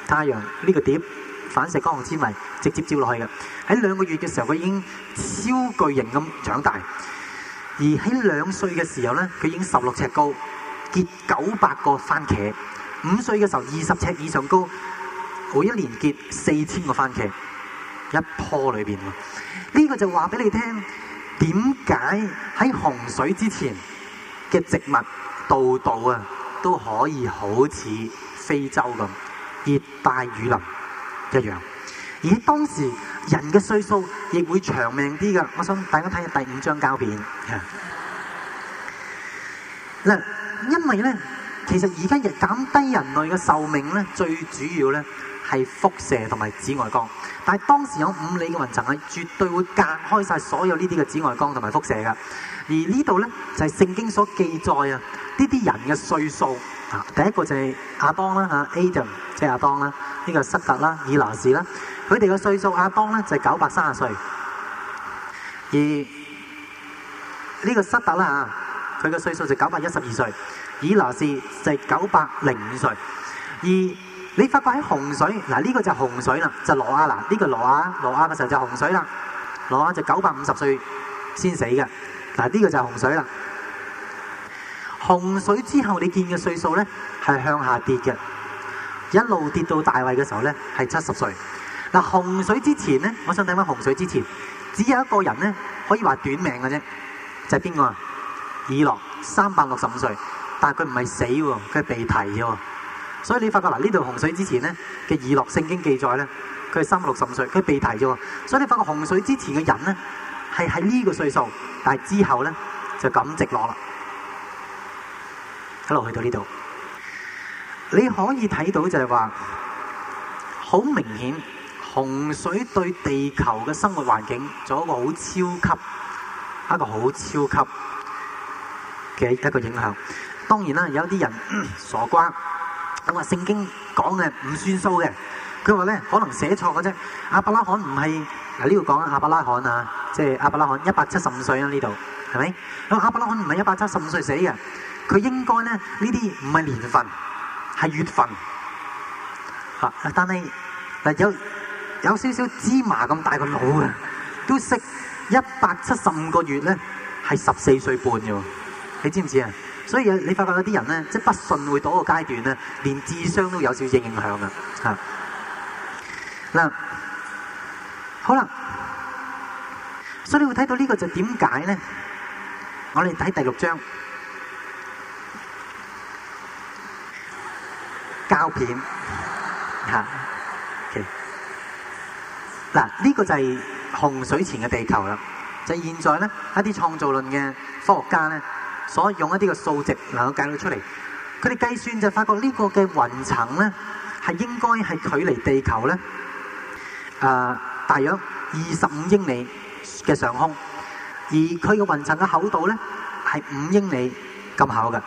太陽呢、呢個碟反射光學纖維直接照落去嘅。喺兩個月嘅時候，佢已經超巨型咁長大，而喺兩歲嘅時候咧，佢已經十六尺高，結九百個番茄；五歲嘅時候，二十尺以上高。每一年結四千個番茄，一棵裏邊。呢、這個就話俾你聽，點解喺洪水之前嘅植物度度啊都可以好似非洲咁熱帶雨林一樣？而當時人嘅歲數亦會長命啲噶。我想大家睇下第五張膠片。嗱， 因為咧，其實而家人減低人類嘅壽命咧，最主要咧。係輻射同埋紫外光，但係當時有五里嘅雲層，係絕對會隔開晒所有呢啲嘅紫外光同埋輻射嘅。而這裡呢度咧就係、是、聖經所記載啊，呢啲人嘅歲數啊，第一個就係亞當啦，亞當即係亞當啦，呢個塞特啦，以拿士啦，佢哋嘅歲數歲，亞當咧就係九百三十歲，而呢個塞特啦啊，佢嘅歲數就九百一十二歲，以拿士就九百零五歲，而。你發覺喺洪水，嗱、這、呢個就是洪水啦，就是、挪亞啦呢個是挪亞挪亞嘅時候就洪水啦，挪亞就九百五十歲先死嘅。嗱、這、呢個就是洪水啦。洪水之後你見嘅歲數咧係向下跌嘅，一路跌到大衛嘅時候咧係七十歲。嗱，洪水之前咧，我想睇返洪水之前，只有一個人咧可以話短命嘅啫，就係、是、邊個啊？以諾三百六十五歲，但係佢唔係死喎，佢被提啫。所以你發覺嗱，呢度洪水之前咧嘅《以諾聖經》記載咧，佢係三六十五歲，佢被提咗。所以你發覺洪水之前嘅人咧，係喺呢個歲數，但係之後咧就咁直落啦。一路去到呢度，你可以睇到就係話，好明顯洪水對地球嘅生活環境做一個好超級、一個好超級嘅一個影響。當然啦，有啲人、嗯、傻瓜。等話，聖經講嘅唔算數嘅，佢話咧可能寫錯嘅啫。亞伯拉罕唔係啊，呢度講亞伯拉罕啊，即係亞伯拉罕一百七十五歲啊，呢度係咪？咁亞伯拉罕唔係一百七十五歲死嘅，佢應該咧呢啲唔係年份，係月份嚇，啊。但係有有少少芝麻咁大個腦嘅，都識一百七十五個月咧係十四歲半嘅喎，你知唔知啊？所以你發覺嗰啲人呢，即係不信會到個階段咧，連智商都有少少影響㗎！嚇，嗱，好啦，所以你會睇到呢個就點解呢？我哋睇第六章膠片嚇，嗱呢、OK 呢個就係洪水前嘅地球啦，就係、現在呢，一啲創造論嘅科學家呢。所以用一啲嘅數值能夠計到出嚟，佢哋計算就發覺呢個嘅雲層咧，係應該係距離地球咧，誒，大約二十五英里嘅上空，而佢嘅雲層嘅厚度咧係五英里咁厚嘅，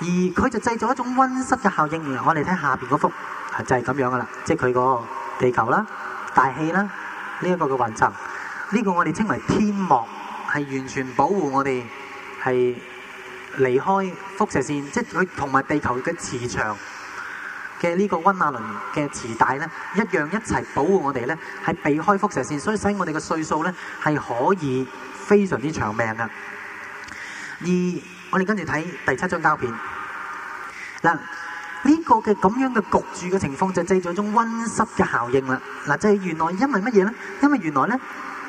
而佢就製造一種温室嘅效應。然後我哋睇下邊嗰幅係就係咁樣噶啦，即係佢個地球啦、大氣啦呢一個嘅雲層，呢個我哋稱為天幕，係完全保護我哋係離開輻射線，即係佢同埋地球嘅磁場嘅呢個温亞倫嘅磁帶咧，一樣一齊保護我哋咧，係避開輻射線，所以使我哋嘅歲數咧係可以非常之長命㗎。而我哋跟住睇第七張膠片。嗱，呢個嘅咁樣嘅焗住嘅情況就製造一種温室嘅效應啦。嗱，就係原來因為乜嘢咧？因為原來咧，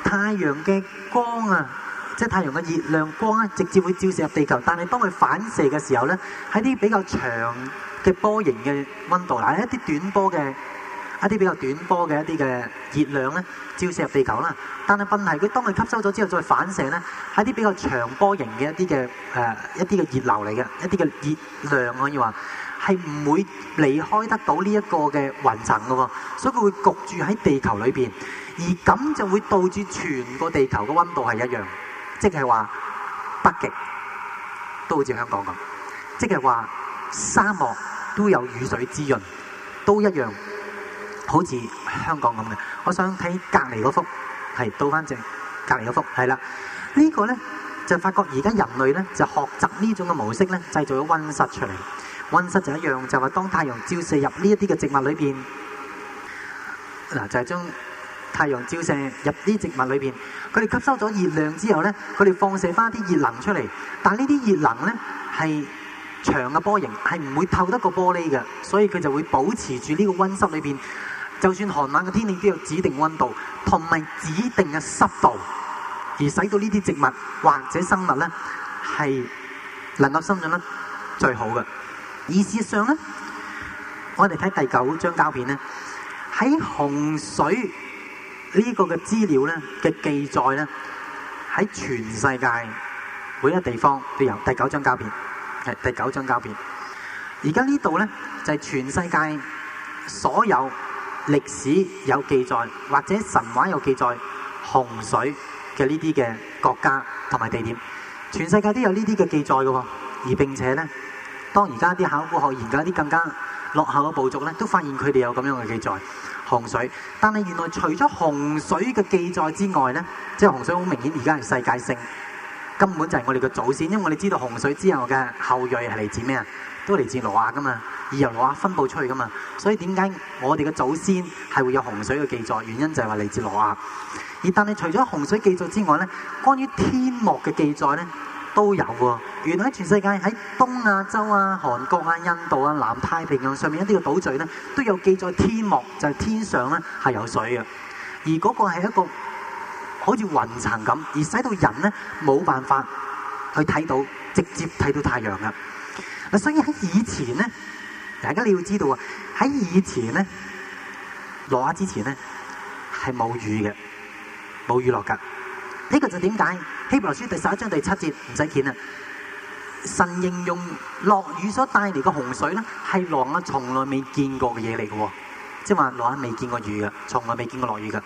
太陽嘅光啊！即係太陽嘅熱量光直接會照射入地球，但係當佢反射嘅時候，喺啲比較長嘅波形嘅温度，喺一啲短波嘅熱量照射入地球，但係問題，佢當佢吸收咗之後再反射，喺啲比較長波形嘅熱流嚟嘅熱量可以話係唔會離開得到呢個雲層，所以佢會焗住喺地球裏面，而咁就會導致全個地球嘅温度係一樣即係話北極都好似香港咁，即係話沙漠都有雨水滋潤，都一樣好似香港咁嘅。我想睇隔籬嗰幅，係倒返正，隔籬嗰幅係啦。這個、呢個咧就發覺而家人類咧就學習呢種嘅模式咧，製造咗温室出嚟。温室就一樣，就係、是、當太陽照射入呢一啲嘅植物裏邊，嗱就係將。太陽照射入啲植物裏邊，佢哋吸收咗熱量之後咧，佢哋放射翻啲熱能出嚟。但係呢啲熱能咧，係長嘅波形，係唔會透得個玻璃嘅，所以佢就會保持住呢個温室裏邊，就算寒冷嘅天氣都有指定温度同埋指定嘅濕度，而使到呢啲植物或者生物咧係能夠生存得最好嘅。意思上咧，我哋睇第九張膠片咧，喺洪水。呢、這個嘅資料咧嘅記載咧喺全世界每一個地方都有，第九張膠片，係第九張膠片。而家呢度咧就係全世界所有歷史有記載或者神話有記載洪水嘅呢啲嘅國家同埋地點，全世界都有呢啲嘅記載嘅喎。而並且咧，當而家啲考古學研究一啲更加落後嘅部族咧，都發現佢哋有咁樣嘅記載。洪水，但係原來除咗洪水嘅記載之外呢，即係洪水好明顯，而家係世界性，根本就係我哋嘅祖先，因為我哋知道洪水之後嘅後裔係嚟自咩啊？都嚟自挪亞噶嘛，而由挪亞分佈出去噶嘛，所以點解我哋嘅祖先係會有洪水嘅記載？原因就係話嚟自挪亞，而但係除咗洪水記載之外呢，關於天幕嘅記載呢。都有喎，原來喺全世界，喺東亞洲啊、韓國啊、印度啊、南太平洋上面一啲嘅島嶼咧，都有記載天幕就係、是、天上咧係有水嘅，而嗰個係一個好似雲層咁，而使到人咧冇辦法去睇到直接睇到太陽噶。啊，所以喺以前咧，大家你要知道啊，喺以前咧落下之前咧係冇雨嘅，冇雨落噶，呢、這個就點解？希伯來書第十一章第七節，唔使見啊！神形容落雨所帶嚟嘅洪水咧，係狼啊從來未見過嘅嘢嚟嘅，即係話狼未見過雨嘅，從來未見過落雨嘅。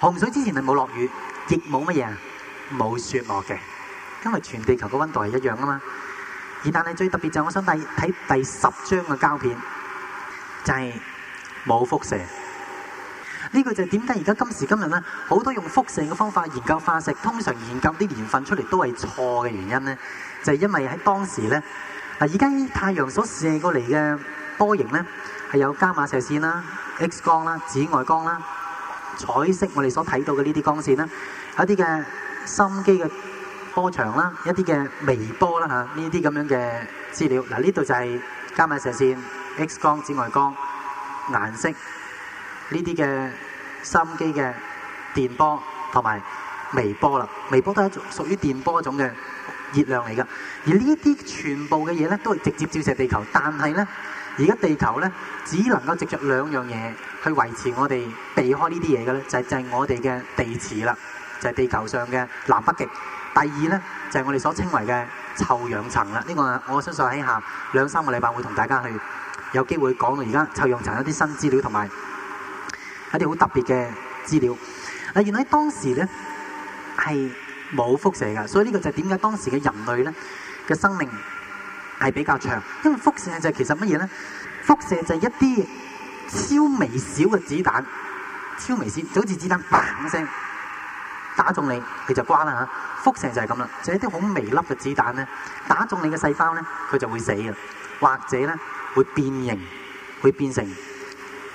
洪水之前係冇落雨，亦冇乜嘢，冇雪落嘅，因為全地球嘅溫度係一樣啊嘛。而但係最特別就係我想帶睇第十張嘅膠片，就係冇輻射。呢個就係點解而家今時今日咧，好多用輻射嘅方法研究化石，通常研究啲年份出嚟都係錯嘅原因咧，就係因為喺當時咧，嗱而家太陽所射過嚟嘅波形咧，係有伽馬射線啦、X 光啦、紫外光啦、彩色我哋所睇到嘅呢啲光線啦，一啲嘅心機嘅波長啦，一啲嘅微波啦嚇，呢啲咁樣嘅資料。嗱呢度就係伽馬射線、X 光、紫外光、顏色。呢啲嘅收音機嘅電波同埋微波啦，微波都係一種屬於電波一種嘅熱量嚟噶。而呢啲全部嘅嘢咧，都係直接照射地球。但係咧，而家地球咧，只能夠藉着兩樣嘢去維持我哋避開呢啲嘢嘅咧，就係就係我哋嘅地磁啦，就係地球上嘅南北極。第二咧，就係我哋所稱為嘅臭氧層啦。呢個我相信喺下兩三個禮拜會同大家去有機會講到而家臭氧層一啲新資料同埋。一啲好特別嘅資料。嗱，原來喺當時咧係冇輻射㗎，所以呢個就係點解當時嘅人類咧嘅生命係比較長。因為輻射就係其實乜嘢咧？輻射就係一啲超微小嘅子彈，超微小，就好似子彈砰嘅聲打中你，佢就瓜啦嚇。輻射就係咁啦，就係一啲好微粒嘅子彈咧打中你嘅細胞咧，佢就會死啊，或者咧會變形，會變成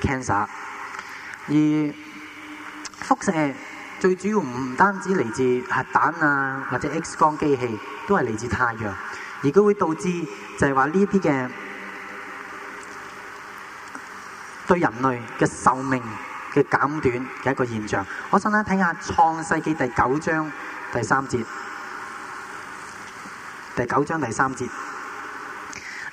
cancer。而輻射最主要唔單止嚟自核彈啊，或者 X 光機器，都係嚟自太陽，而佢會導致就係話呢啲嘅對人類嘅壽命嘅減短嘅一個現象。我想咧睇下創世記第九章第三節，第九章第三節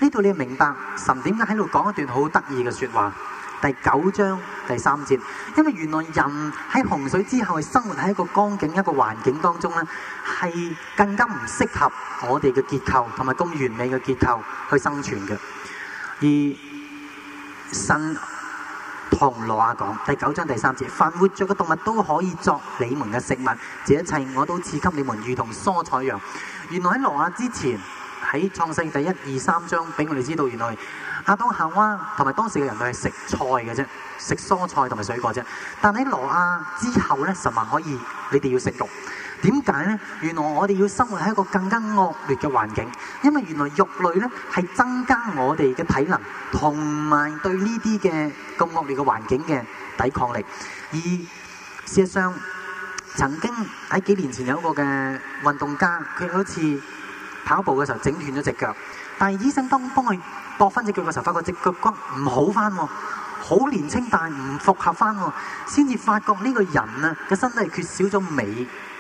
呢度你就明白神點解喺度講一段好得意嘅說話。第九章第三節，因為原來人喺洪水之後生活喺一個光景、一個環境當中呢，係更加唔適合我哋嘅結構同埋咁完美嘅結構去生存嘅。而神同羅亞講第九章第三節，凡活着嘅動物都可以作你們嘅食物，這一切我都賜給你們，如同蔬菜一樣。原來喺羅亞之前。喺創世第一二三章，俾我哋知道原來亞當夏娃同埋當時嘅人類係食菜嘅啫，食蔬菜同埋水果啫。但喺挪亞之後咧，就話可以，你哋要食肉。點解呢？原來我哋要生活喺一個更加惡劣嘅環境，因為原來肉類咧係增加我哋嘅體能，同埋對呢啲嘅咁惡劣嘅環境嘅抵抗力。而事實上，曾經喺幾年前有一個嘅運動家，佢好似。跑步嘅時候整斷咗隻腳，但係醫生幫幫佢駁翻隻腳嘅時候，發覺隻腳骨唔好翻喎，好年輕但係唔復合翻喎，先至發覺呢個人呢嘅身體缺少咗鎂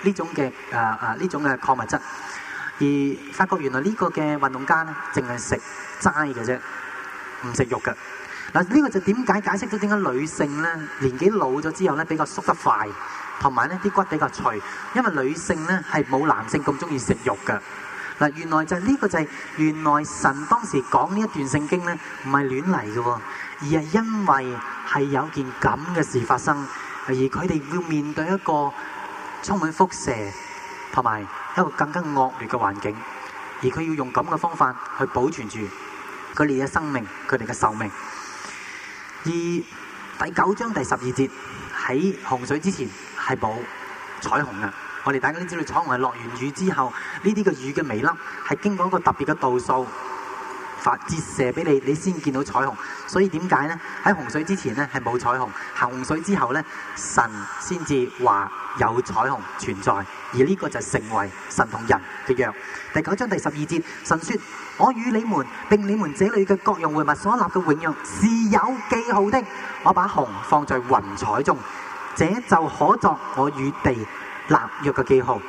呢種嘅啊啊呢種嘅礦物質，而發覺原來呢個嘅運動家呢，淨係食齋嘅啫，唔食肉嘅。嗱，呢個就點解解釋到點解女性呢，年紀老咗之後呢，比較縮得快，同埋呢啲骨比較脆，因為女性呢，係冇男性咁中意食肉嘅。嗱，原來就係呢個就係原來神當時講呢一段聖經咧，唔係亂嚟嘅，而係因為係有一件咁嘅事發生，而佢哋要面對一個充滿輻射同埋一個更加惡劣嘅環境，而佢要用咁嘅方法去保存住佢哋嘅生命、佢哋嘅壽命。而第九章第十二節喺洪水之前係冇彩虹嘅。我哋大家都知道彩虹係落完雨之後，呢啲嘅雨嘅微粒係經過一個特別嘅度數，發折射俾你，你先見到彩虹。所以點解呢？喺洪水之前呢，係冇彩虹，行洪水之後呢，神先至話有彩虹存在。而呢個就是成為神同人嘅約。第九章第十二節，神說我與你們，並你們這裏嘅各樣活物所立嘅永約是有記號的。我把虹放在雲彩中，這就可作我與地，立約嘅記號，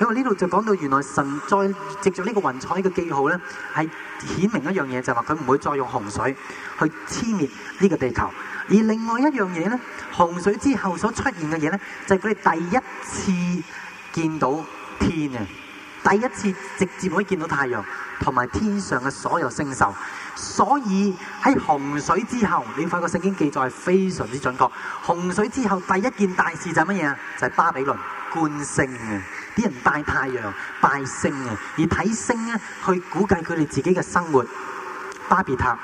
因為呢度就講到原來神在藉著呢個雲彩嘅記號呢，係顯明一樣嘢，就係話佢唔會再用洪水去消滅呢個地球。而另外一樣嘢呢，洪水之後所出現嘅嘢呢，就係佢哋第一次見到天啊，第一次直接可以見到太陽同埋天上嘅所有星宿。所以喺洪水之後，你會發覺聖經記載非常之準確。洪水之後第一件大事是什麼就係乜嘢？就係巴比倫。觀星啊！啲人拜太陽、拜星啊，而睇星咧去估計佢哋自己嘅生活。巴比塔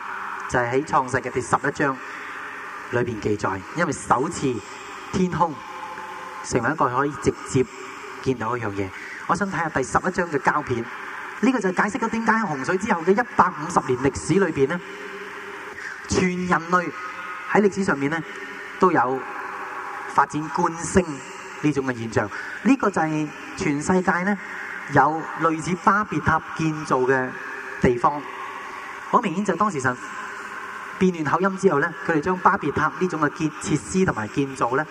就係喺創世嘅第十一章裏邊記載，因為首次天空成為一個可以直接見到一樣嘢。我想睇下第十一章嘅膠片，呢、這個就是解釋咗點解喺洪水之後嘅一百五十年歷史裏邊呢，全人類喺歷史上面呢都有發展觀星。呢種嘅現象，呢個就係全世界咧有類似巴別塔建造嘅地方。好明顯就當時神變亂口音之後咧，佢哋將巴別塔呢種嘅建設施同埋建造咧，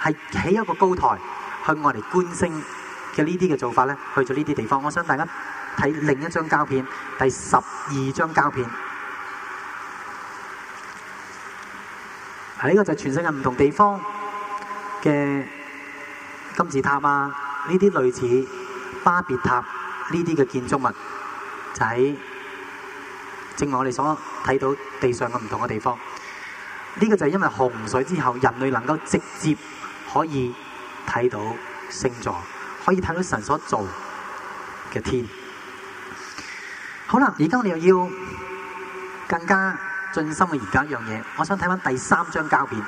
係起一個高台向外嚟觀星嘅呢啲嘅做法咧，去咗呢啲地方。我想大家睇另一張膠片，第十二張膠片。啊，呢個就係全世界唔同地方嘅。金字塔啊，呢啲類似巴別塔呢啲嘅建築物，就喺正我哋所睇到地上嘅唔同嘅地方。呢個就係因為洪水之後，人類能夠直接可以睇到星座，可以睇到神所造嘅天。好啦，而家我哋又要更加盡心去而家一樣嘢，我想睇翻第三張膠片。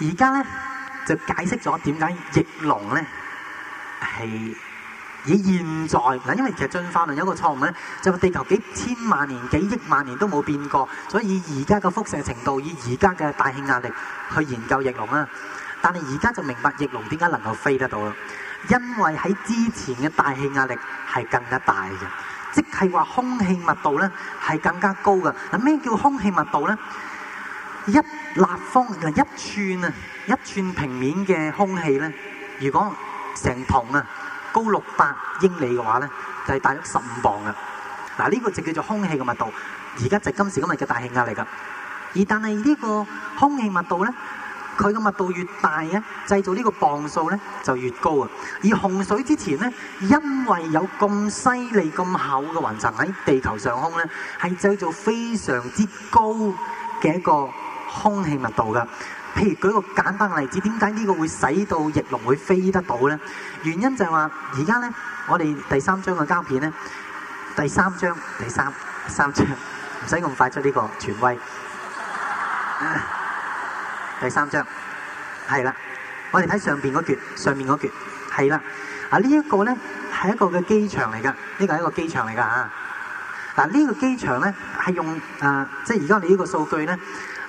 而家呢。就解釋咗點解翼龍咧係以現在嗱，因為其實進化論有一個錯誤咧，就係地球幾千萬年、幾億萬年都冇變過，所以而家個輻射程度、以而家嘅大氣壓力去研究翼龍啦。但係而家就明白翼龍點解能夠飛得到咯，因為喺之前嘅大氣壓力係更加大嘅，即係話空氣密度咧係更加高㗎。嗱，咩叫空氣密度咧？一立方嘅一寸啊！一寸平面嘅空氣咧，如果成磅啊，高六百英里嘅話咧，就係大約十五磅嘅。嗱，呢個就叫做空氣嘅密度。而家就係今時今日嘅大氣壓力㗎。而但係呢個空氣密度咧，佢嘅密度越大嘅，製造呢個磅數咧就越高啊。而洪水之前咧，因為有咁犀利、咁厚嘅雲層喺地球上空咧，係製造非常之高嘅一個空氣密度㗎。譬如舉個簡單嘅例子，點解呢個會使到翼龍會飛得到咧？原因就係話，而家咧，我哋第三張嘅膠片咧，第三張，第三，三張，唔使咁快出呢個權威、啊。第三張，係啦，我哋睇上邊嗰橛，上面嗰橛，係啦。啊，這個、呢是一個咧係、這個、一個嘅機場嚟㗎，啊這個、機場呢個係一個機場嚟㗎嚇。嗱呢個機場咧係用誒、啊，即係而家你呢個數據咧。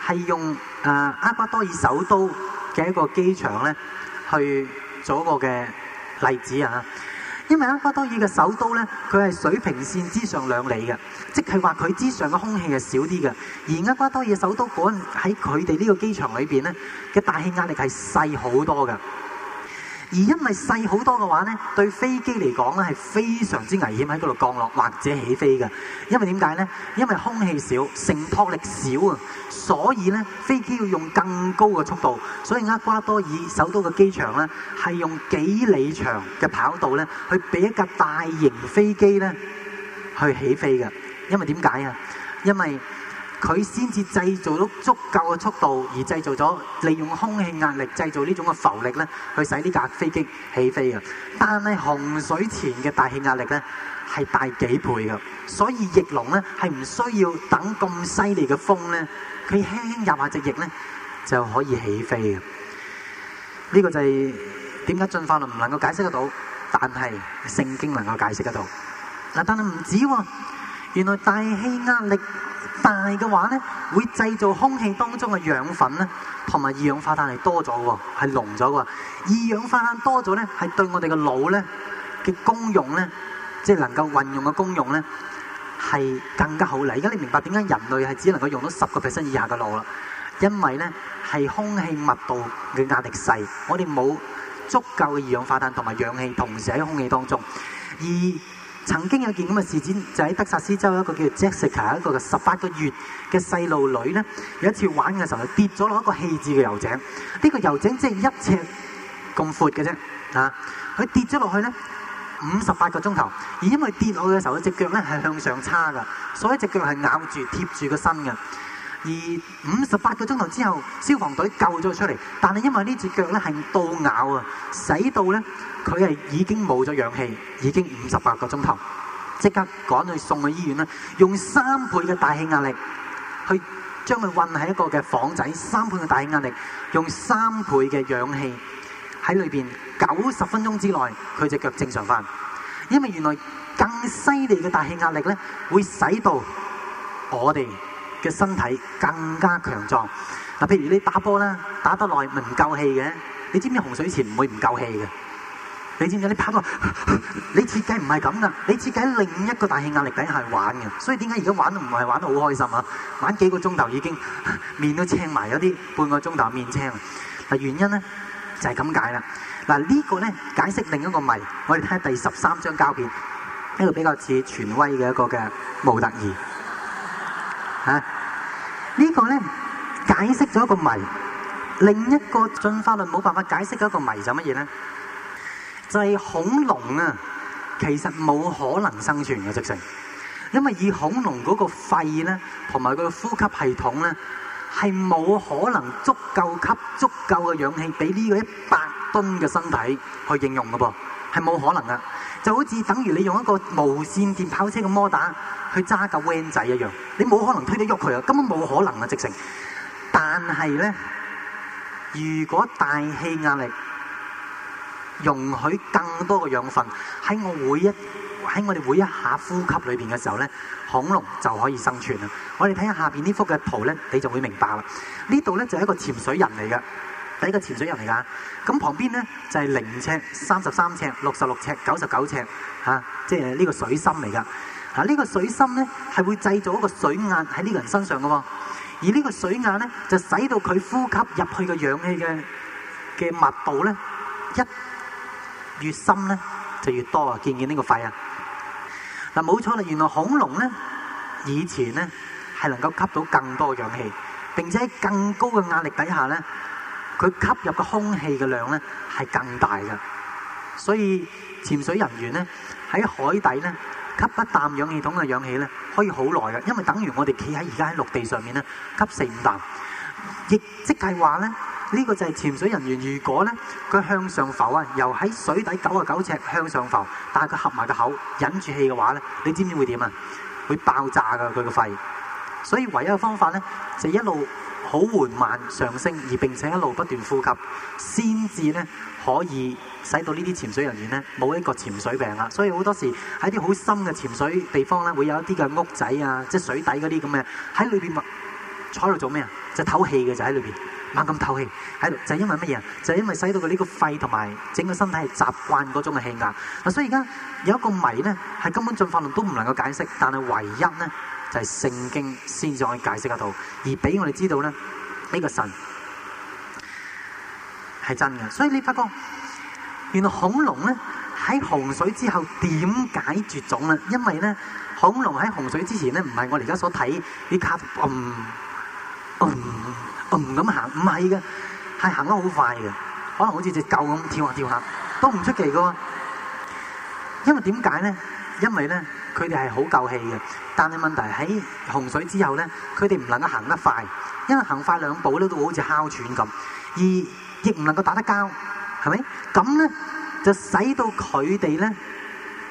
係用誒厄瓜多爾首都嘅一個機場咧，去做一個嘅例子啊！因為厄瓜多爾嘅首都咧，佢係水平線之上兩里嘅，即係話佢之上嘅空氣係少啲嘅，而厄瓜多爾首都館喺佢哋呢個機場裏邊咧嘅大氣壓力係細好多㗎。而因為細好多嘅話呢，對飛機嚟講係非常之危險喺嗰度降落或者起飛㗎。因為點解呢？因為空氣少，承托力少啊，所以呢飛機要用更高嘅速度。所以厄瓜多爾首都嘅機場呢，係用幾里長嘅跑道呢去俾一架大型飛機呢去起飛㗎。因為點解啊？因為，為佢先至製造到足夠嘅速度，而製造咗利用空氣壓力製造呢種嘅浮力咧，去使呢架飛機起飛嘅。但係洪水前嘅大氣壓力咧係大幾倍嘅，所以翼龍咧係唔需要等咁犀利嘅風咧，佢輕輕入下隻翼咧就可以起飛嘅。呢個就係點解進化論唔能夠解釋得到，但係聖經能夠解釋得到。嗱，但係唔止喎，啊，原來大氣壓力。大嘅話呢，會製造空氣當中嘅氧份呢，同埋二氧化碳係多咗喎，係濃咗喎。二氧化碳多咗呢，係對我哋嘅腦呢嘅功用呢，即係能夠運用嘅功用呢，係更加好啦。而家你明白點解人類係只能夠用到十個 percent 以下嘅腦啦？因為呢係空氣密度嘅壓力細，我哋冇足夠嘅二氧化碳同埋氧氣同時喺空氣當中，而。曾經有件咁嘅事件，就喺德薩斯州一個叫 Jessica，一個十八個月嘅細路女咧，有一次玩嘅時候跌咗落一個廢置嘅油井，呢個油井即係一尺咁闊嘅啫。佢跌咗落去咧五十八個鐘頭，而因為跌落去嘅時候，隻腳咧係向上叉㗎，所以隻腳係咬住貼住個身㗎。而五十八個鐘頭之後，消防隊救咗佢出嚟，但係因為呢隻腳咧係倒咬啊，使到咧佢係已經冇咗氧氣，已經五十八個鐘頭，即刻趕去送去醫院啦。用三倍嘅大氣壓力去將佢運喺一個嘅房仔，三倍嘅大氣壓力，用三倍嘅氧氣喺裏邊九十分鐘之內，佢隻腳正常返。因為原來更犀利嘅大氣壓力咧，會使到我哋嘅身體更加強壯。嗱，譬如你打波啦，打得耐咪唔夠氣嘅，你知唔知洪水前唔會唔夠氣嘅？你知唔知？你拍到，你設計唔係咁噶，你設計另一個大氣壓力底下玩嘅，所以點解而家玩都唔係玩得好開心啊？玩幾個鐘頭已經面都青埋，有啲半個鐘頭面青。啊，原因咧就係咁解啦。嗱，呢個咧解釋另一個謎，我哋睇下第十三張膠片，一個比較似權威嘅一個嘅模特兒嚇。呢個咧解釋咗一個謎，另一個進化論冇辦法解釋咗一個謎，就乜嘢咧？就係、是、恐龍啊，其實冇可能生存嘅直情。因為以恐龍嗰個肺咧，同埋個呼吸系統咧，係冇可能足夠吸足夠嘅氧氣俾呢個一百噸嘅身體去應用嘅噃，係冇可能啊！就好似等於你用一個無線電跑車嘅摩打去揸架 van 仔一樣，你冇可能推得喐佢啊，根本冇可能啊！直情。但係咧，如果大氣壓力容許更多嘅養分喺我每一喺我哋每一下呼吸裏邊嘅時候咧，恐龍就可以生存啦。我哋睇下下邊呢幅嘅圖咧，你就會明白啦。呢度咧就係一個潛水人嚟嘅，第一個潛水人嚟噶。咁旁邊咧就係零尺、三十三尺、六十六尺、九十九尺嚇，即係呢個水深嚟噶。嚇，呢個水深咧係會製造一個水壓喺呢個人身上噶喎。而呢個水壓咧就使到佢呼吸入去嘅氧氣嘅嘅密度咧一。越深咧就越多啊！見唔見呢個肺啊？嗱，冇錯啦，原來恐龍咧以前咧係能夠吸到更多氧氣，並且喺更高嘅壓力底下咧，佢吸入嘅空氣嘅量咧係更大嘅㗎。所以潛水人員咧喺海底咧吸一啖氧氣筒嘅氧氣咧，可以好耐㗎，因為等於我哋企喺而家喺陸地上面咧吸四五啖。亦即係話咧，呢、這個就係潛水人員。如果咧佢向上浮啊，由喺水底九十九尺向上浮，但係佢合埋個口，忍住氣嘅話咧，你知唔知會點啊？會爆炸㗎，佢個肺。所以唯一嘅方法咧，就是、一路好緩慢上升，而並且一路不斷呼吸，先至咧可以使到呢啲潛水人員咧冇一個潛水病啦。所以好多時喺啲好深嘅潛水地方咧，會有一啲嘅屋仔啊，即係水底嗰啲咁嘅，喺裏邊坐喺度做咩啊？就透氣嘅就喺裏邊猛咁透氣，喺度就因為乜嘢啊？就係、因為使到佢呢個肺同埋整個身體係習慣嗰種嘅氣壓。啊，所以而家有一個謎咧，係根本進化論都唔能夠解釋，但係唯一咧就係、係、聖經先至可以解釋得到，而俾我哋知道咧呢、這個神係真嘅。所以你發覺，原來恐龍咧喺洪水之後點解絕種咧？因為咧恐龍喺洪水之前咧唔係我哋而家所睇啲卡、呃嗯嗯咁、嗯、行，唔係嘅，係行得好快嘅，可能好似隻狗咁跳下跳下，都唔出奇噶。因為點解咧？因為咧，佢哋係好夠氣嘅，但係問題喺洪水之後咧，佢哋唔能夠行得快，因為行快兩步咧都會好似哮喘咁，而亦唔能夠打得交，係咪？咁咧就使到佢哋咧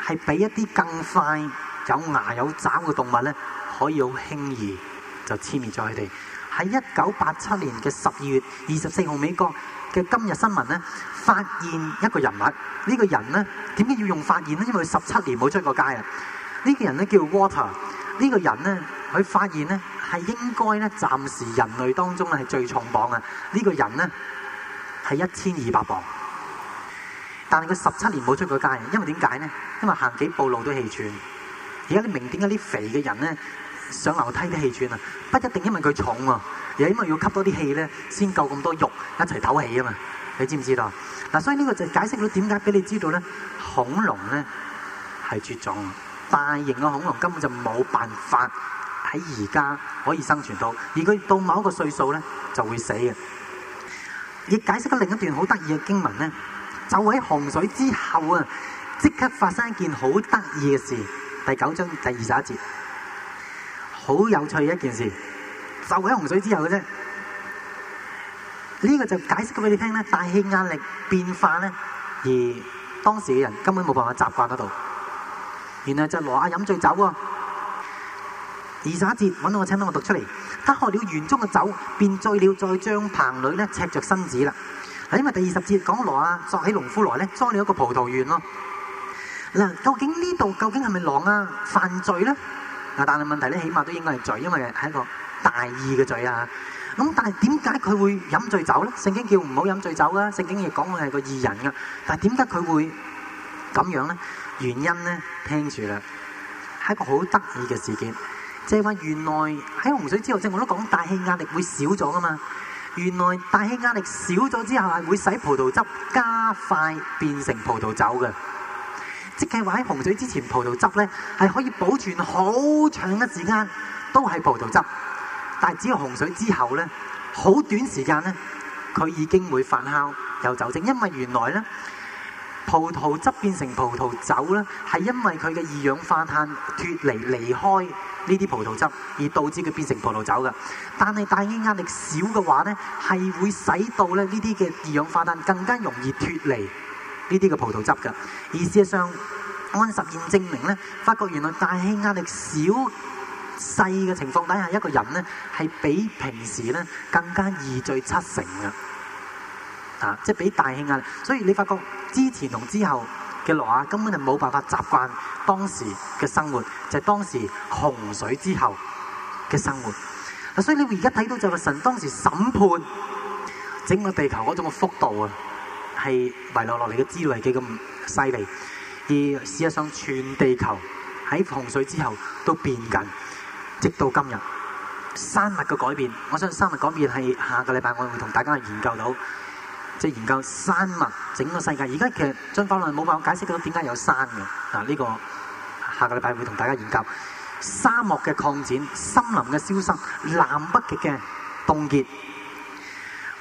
係俾一啲更快有牙有爪嘅動物咧，可以好輕易就殲滅咗佢哋。喺一九八七年嘅十二月二十四號，美國嘅《今日新聞》咧發現一個人物，呢個人咧點解要用發現呢？因為佢十七年冇出過街啊！呢個人咧叫 Water，呢個人咧佢發現咧係應該咧暫時人類當中咧係最重磅啊！呢個人咧係一千二百磅，但係佢十七年冇出過街。因為點解咧？因為行幾步路都氣喘。而家你明點解啲肥嘅人咧～上樓梯啲氣喘啊，不一定因為佢重喎，啊，又因為要吸多啲氣咧，先夠咁多肉一齊唞氣啊嘛。你知唔知道？嗱，所以呢個就解釋咗點解俾你知道咧，恐龍咧係絕種，啊，大型嘅恐龍根本就冇辦法喺而家可以生存到，而佢到某一個歲數咧就會死嘅。亦解釋咗另一段好得意嘅經文咧，就喺洪水之後啊，即刻發生一件好得意嘅事。第九章第二十一節。好有趣嘅一件事，就喺洪水之後嘅啫。呢個就解釋咗俾你聽咧，大氣壓力變化咧，而當時嘅人根本冇辦法習慣得到。原來就羅亞飲醉酒喎。二十一節揾到，我請到我讀出嚟，他喝了園中嘅酒，便醉了，再將棚裏咧赤着身子啦。係因為第二十節講羅亞作起農夫來咧，莊了一個葡萄園咯。嗱，究竟呢度究竟係咪羅亞犯罪咧？但係問題咧，起碼都應該係罪，因為係一個大意嘅罪啊。咁但係點解佢會飲醉酒咧？聖經叫唔好飲醉酒啊！聖經亦講佢係個義人噶。但係點解佢會咁樣咧？原因咧，聽住啦，係一個好得意嘅事件。即係話原來喺洪水之後，即係我都講大氣壓力會少咗噶嘛。原來大氣壓力少咗之後，係會使葡萄汁加快變成葡萄酒嘅。即係話喺洪水之前，葡萄汁咧係可以保存好長嘅時間，都係葡萄汁。但係只要洪水之後咧，好短時間咧，佢已經會發酵有酒精，因為原來咧，葡萄汁變成葡萄酒咧，係因為佢嘅二氧化碳脱離離開呢啲葡萄汁，而導致佢變成葡萄酒嘅。但係大氣壓力少嘅話咧，係會使到咧呢啲嘅二氧化碳更加容易脱離。呢啲嘅葡萄汁噶，而事實上，按實驗證明咧，發覺原來大氣壓力小細嘅情況底下，一個人咧係比平時咧更加易醉七成噶，啊，即係比大氣壓力。所以你發覺之前同之後嘅羅亞根本就冇辦法習慣當時嘅生活，就係當時洪水之後嘅生活。啊，所以你會而家睇到就係神當時審判整個地球嗰種嘅幅度啊！係遺留落嚟嘅資料係幾咁犀利，而事實上全地球喺洪水之後都變緊，直到今日。生物嘅改變，我相信生物改變係下個禮拜我會同大家研究到，即係研究生物整個世界。而家其實進化論冇辦法解釋到點解有山嘅嗱，呢個下個禮拜會同大家研究沙漠嘅擴展、森林嘅消失、南北極嘅凍結。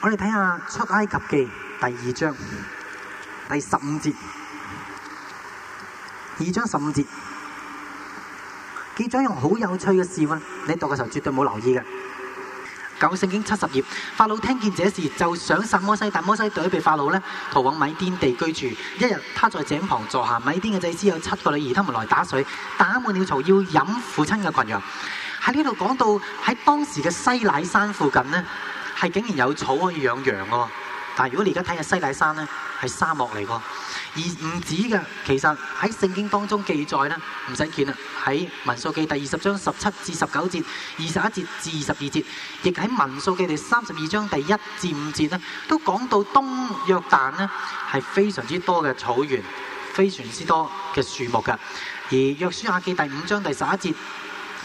我哋睇下出埃及記。第二章第十五節，二章十五節，記咗一樣好有趣嘅事啊！你讀嘅時候絕對冇留意嘅。舊聖經七十頁，法老聽見這事，就想殺摩西，但摩西躲避法老呢，逃往米甸地居住。一日，他在井旁坐下，米甸嘅祭司有七個女兒，他們來打水，打滿了槽，要飲父親嘅群羊。喺呢度講到喺當時嘅西乃山附近呢係竟然有草可以養羊嘅，啊。但如果你而家睇下西奈山呢，係沙漠嚟㗎，而唔止㗎。其實喺聖經當中記載呢，唔使見啦。喺民數記第二十章十七至十九節、二十一節至二十二節，亦喺民數記第三十二章第一至五節呢，都講到東約旦呢係非常之多嘅草原，非常之多嘅樹木㗎。而約書亞記第五章第十一節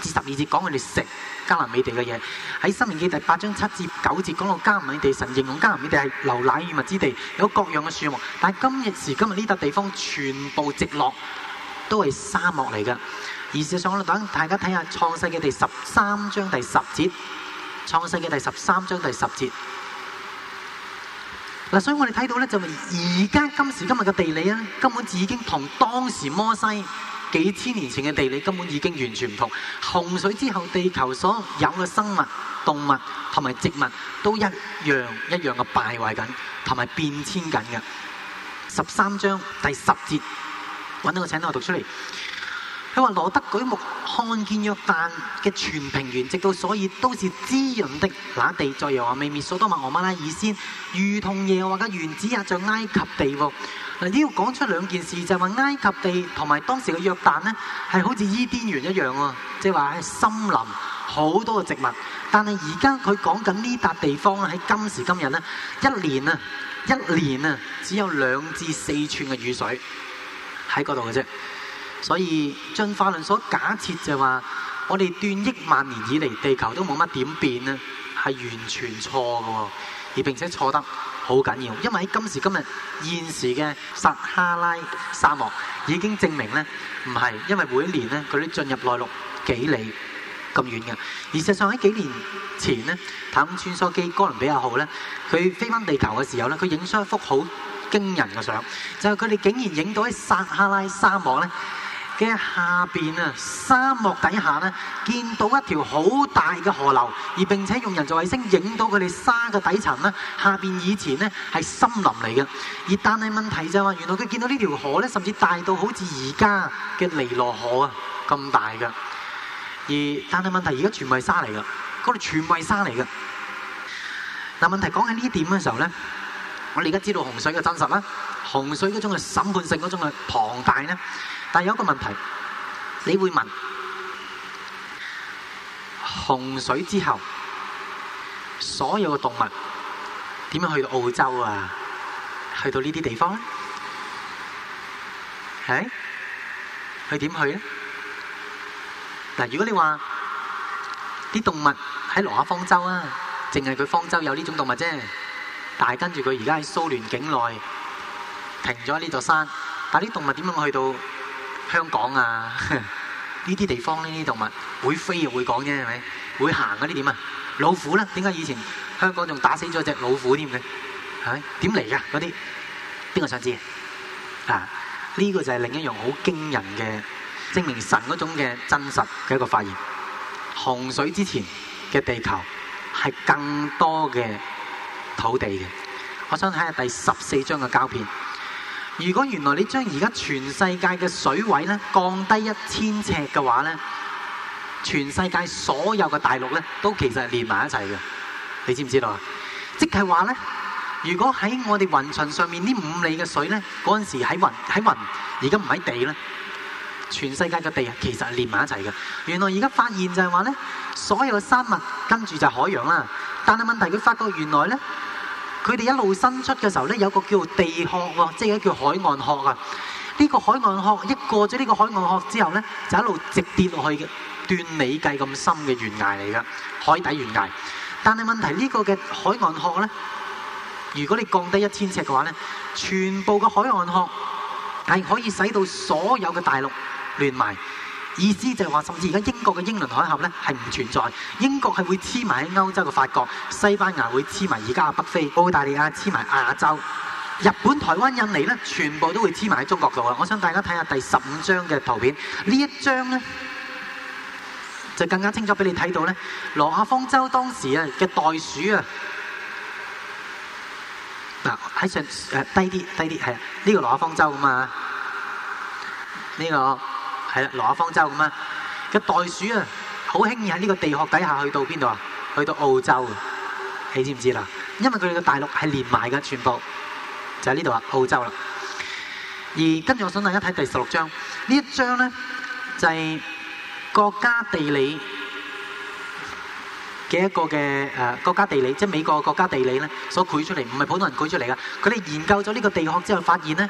至十二節講佢哋食迦南美地嘅嘢，喺《申命記》第八章七至九節講到迦南美地神形容迦南美地係牛奶與蜜之地，有各樣嘅樹木。但係今日時今日呢笪、這個、地方全部直落，都係沙漠嚟㗎。而事實上，我哋等大家睇下《創世記第，第十三章第十節，《創世記第十三章第十節。嗱，所以我哋睇到咧，就而、是、家今時今日嘅地理啊，根本已經同當時摩西。幾千年前嘅地理根本已經完全唔同，洪水之後地球所有嘅生物、動物同埋植物都一樣一樣嘅敗壞緊，同埋變遷緊嘅。十三章第十節，揾到我請我讀出嚟。佢話：羅得舉目看見約但嘅全平原，直到所以都是滋潤的那地，在耶和華未滅所多瑪和蛾摩拉以先，如同耶和華嘅園子，也像埃及地喎。呢個講出兩件事，就係話埃及地同埋當時嘅約旦呢，係好似伊甸園一樣喎，即係話喺森林好多嘅植物。但係而家佢講緊呢笪地方喺今時今日呢，一年啊，一年啊，只有兩至四寸嘅雨水喺嗰度嘅啫。所以進化論所假設就係話，我哋斷億萬年以嚟地球都冇乜點變咧，係完全錯嘅喎，而並且錯得。好緊要，因為喺今時今日現時嘅撒哈拉沙漠已經證明咧唔係，因為每一年咧佢都進入內陸幾里咁遠嘅。而實際上喺幾年前咧，太空穿梭機哥倫比亞號咧，佢飛翻地球嘅時候咧，佢影出一幅好驚人嘅相，就係佢哋竟然影到喺撒哈拉沙漠咧。嘅下邊啊，沙漠底下咧，見到一條好大嘅河流，而並且用人造衛星影到佢哋沙嘅底層咧，下邊以前咧係森林嚟嘅，而但係問題就係話，原來佢見到呢條河咧，甚至大到好似而家嘅尼羅河啊咁大嘅，而但係問題而家全係沙嚟嘅，嗰度全係沙嚟嘅。嗱，問題講緊呢點嘅時候咧，我哋而家知道洪水嘅真實啦，洪水嗰種嘅審判性，嗰種嘅龐大咧。但有一個問題，你會問洪水之後，所有嘅動物點樣去到澳洲啊？去到呢啲地方咧？誒、哎，佢點去呢？如果你話啲動物喺羅亞方舟啊，淨係佢方舟有呢種動物啫，但係跟住佢而家喺蘇聯境內停咗呢座山，但啲動物點樣去到？香港啊，呢啲地方呢啲動物會飛又會講啫，係咪？會行嗰啲點啊？老虎咧，點解以前香港仲打死咗隻老虎添嘅？係點嚟噶嗰啲？邊個想知啊？呢個就係另一樣好驚人嘅證明神嗰種嘅真實嘅一個發現。洪水之前嘅地球係更多嘅土地嘅。我想睇下第十四張嘅膠片。如果原來你將而家全世界嘅水位咧降低一千尺嘅話咧，全世界所有嘅大陸咧都其實係連埋一齊嘅，你知唔知道啊？即係話咧，如果喺我哋雲層上面呢五里嘅水咧，嗰陣時喺雲喺雲，而家唔喺地咧，全世界嘅地啊其實係連埋一齊嘅。原來而家發現就係話咧，所有嘅生物跟住就係海洋啦，但係問題佢發覺原來咧。佢哋一路伸出嘅時候呢，有個叫地殼喎，即係叫海岸殼啊！呢個海岸殼一過咗呢個海岸殼之後呢，就一路直跌落去嘅斷尾計咁深嘅懸崖嚟㗎，海底懸崖。但係問題，呢個嘅海岸殼呢，如果你降低一千尺嘅話呢，全部嘅海岸殼係可以使到所有嘅大陸連埋。意思就係話，甚至而家英國嘅英倫海峽咧係唔存在，英國係會黐埋喺歐洲嘅法國、西班牙會黐埋而家嘅北非、澳大利亞黐埋亞洲、日本、台灣、印尼咧，全部都會黐埋喺中國度啊！我想大家睇下第十五張嘅圖片，呢一張咧就更加清楚俾你睇到咧，羅亞方舟當時啊嘅袋鼠啊，嗱喺上誒低啲低啲係啊，呢、這個羅亞方舟啊嘛，呢、這個。羅亞方舟咁樣，個袋鼠啊，好輕易喺呢個地殼底下去到邊度啊？去到澳洲啊？你知唔知啦？因為佢哋個大陸係連埋嘅，全部就喺呢度啊，澳洲啦。而跟住我想大家睇第十六章呢一章咧，就係國家地理嘅一個嘅誒，國家地理即係美國嘅國家地理咧，所繪出嚟，唔係普通人繪出嚟噶。佢哋研究咗呢個地殼之後，發現咧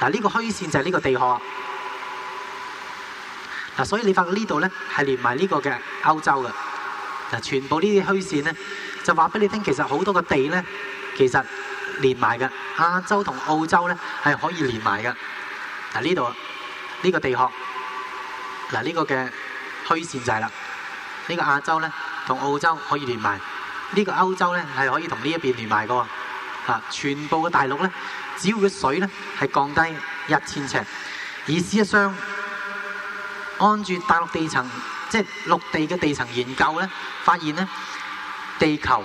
嗱，呢個虛線就係呢個地殼。嗱，所以你發覺呢度咧係連埋呢個嘅歐洲嘅，嗱，全部呢啲虛線咧就話俾你聽，其實好多個地咧其實連埋㗎。亞洲同澳洲咧係可以連埋嘅。嗱，呢度呢個地殼，嗱，呢個嘅虛線就係啦，呢個亞洲咧同澳洲可以連埋，呢個歐洲咧係可以同呢一邊連埋嘅。嚇，全部嘅大陸咧，只要個水咧係降低一千尺，意思一箱。按住大陸地層，即係陸地嘅地層研究咧，發現咧地球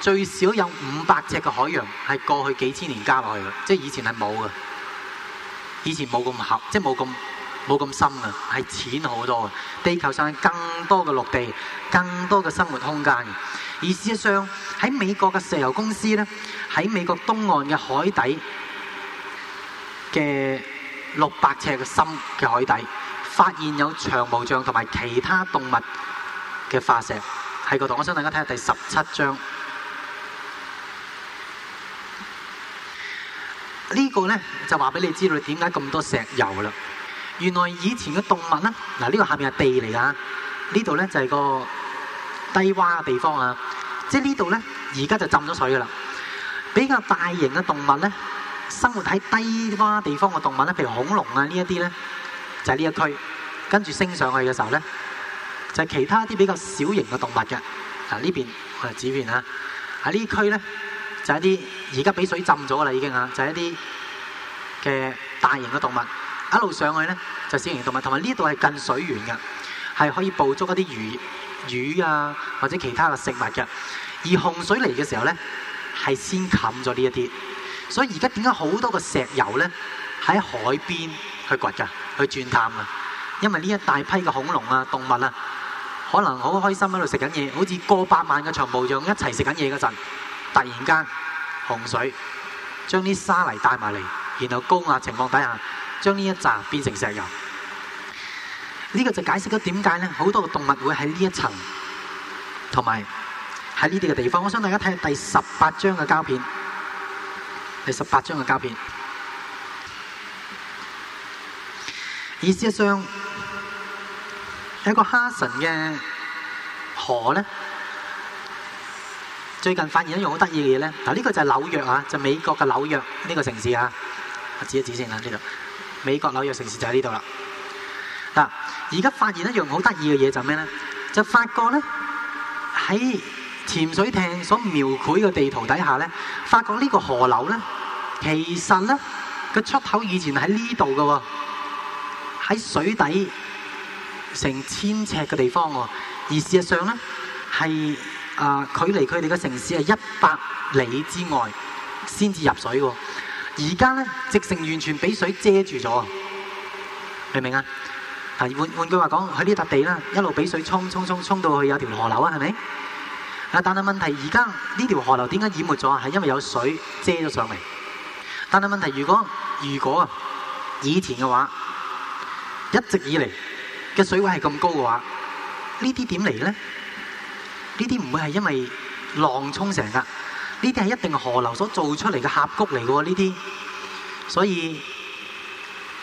最少有五百尺嘅海洋係過去幾千年加落去嘅，即係以前係冇嘅，以前冇咁厚，即係冇咁冇咁深嘅，係淺好多嘅。地球上係更多嘅陸地，更多嘅生活空間。而事實上喺美國嘅石油公司咧，喺美國東岸嘅海底嘅六百尺嘅深嘅海底。發現有長毛象同埋其他動物嘅化石喺嗰度，我想大家睇下第十七章。這個、呢個咧就話俾你知道點解咁多石油啦。原來以前嘅動物咧，嗱、這、呢個下面係地嚟㗎，這裏呢度咧就係個低洼嘅地方啊。即係呢度咧，而家就浸咗水㗎啦。比較大型嘅動物咧，生活喺低洼地方嘅動物咧，譬如恐龍啊呢一啲咧。就係呢一區，跟住升上去嘅時候咧，就係其他啲比較小型嘅動物嘅。嗱呢邊我係指邊啦，喺呢區咧就係一啲而家俾水浸咗啦已經啊，就係一啲嘅大型嘅動物。一路上去咧就係小型嘅動物，同埋呢度係近水源嘅，係可以捕捉一啲魚魚啊或者其他嘅食物嘅。而洪水嚟嘅時候咧係先冚咗呢一啲，所以而家點解好多個石油咧喺海邊去掘啊？去鑽探啊！因為呢一大批嘅恐龍啊、動物啊，可能好開心喺度食緊嘢，好似過百萬嘅長毛象一齊食緊嘢嗰陣，突然間洪水將啲沙泥帶埋嚟，然後高壓情況底下將呢一紮變成石油。呢、這個就解釋咗點解咧，好多嘅動物會喺呢一層同埋喺呢啲嘅地方。我想大家睇下第十八張嘅膠片，第十八張嘅膠片。意思上，一個哈神嘅河呢。最近發現一樣好得意嘅嘢呢，嗱，呢、呢個就係紐約啊，就是、美國嘅紐約呢個城市啊。我指一指先啦，呢度美國紐約城市就喺呢度啦。嗱，而家發現一樣好得意嘅嘢就咩呢？就發覺呢，喺潛水艇所描繪嘅地圖底下發發覺呢個河流呢，其實呢，出口以前喺呢度嘅喎。喺水底成千尺嘅地方，而事實上呢，係啊、呃、距離佢哋嘅城市係一百里之外先至入水嘅。而家呢，直情完全俾水遮住咗，明唔明啊？啊，換換句話講，喺呢笪地啦，一路俾水沖沖沖沖到去有條河流啊，係咪？但係問題而家呢條河流點解淹沒咗啊？係因為有水遮咗上嚟。但係問題如果如果以前嘅話。一直以嚟嘅水位係咁高嘅話，呢啲點嚟呢啲點嚟咧？呢啲唔會係因為浪沖成噶，呢啲係一定係河流所做出嚟嘅峽谷嚟嘅呢啲。所以呢，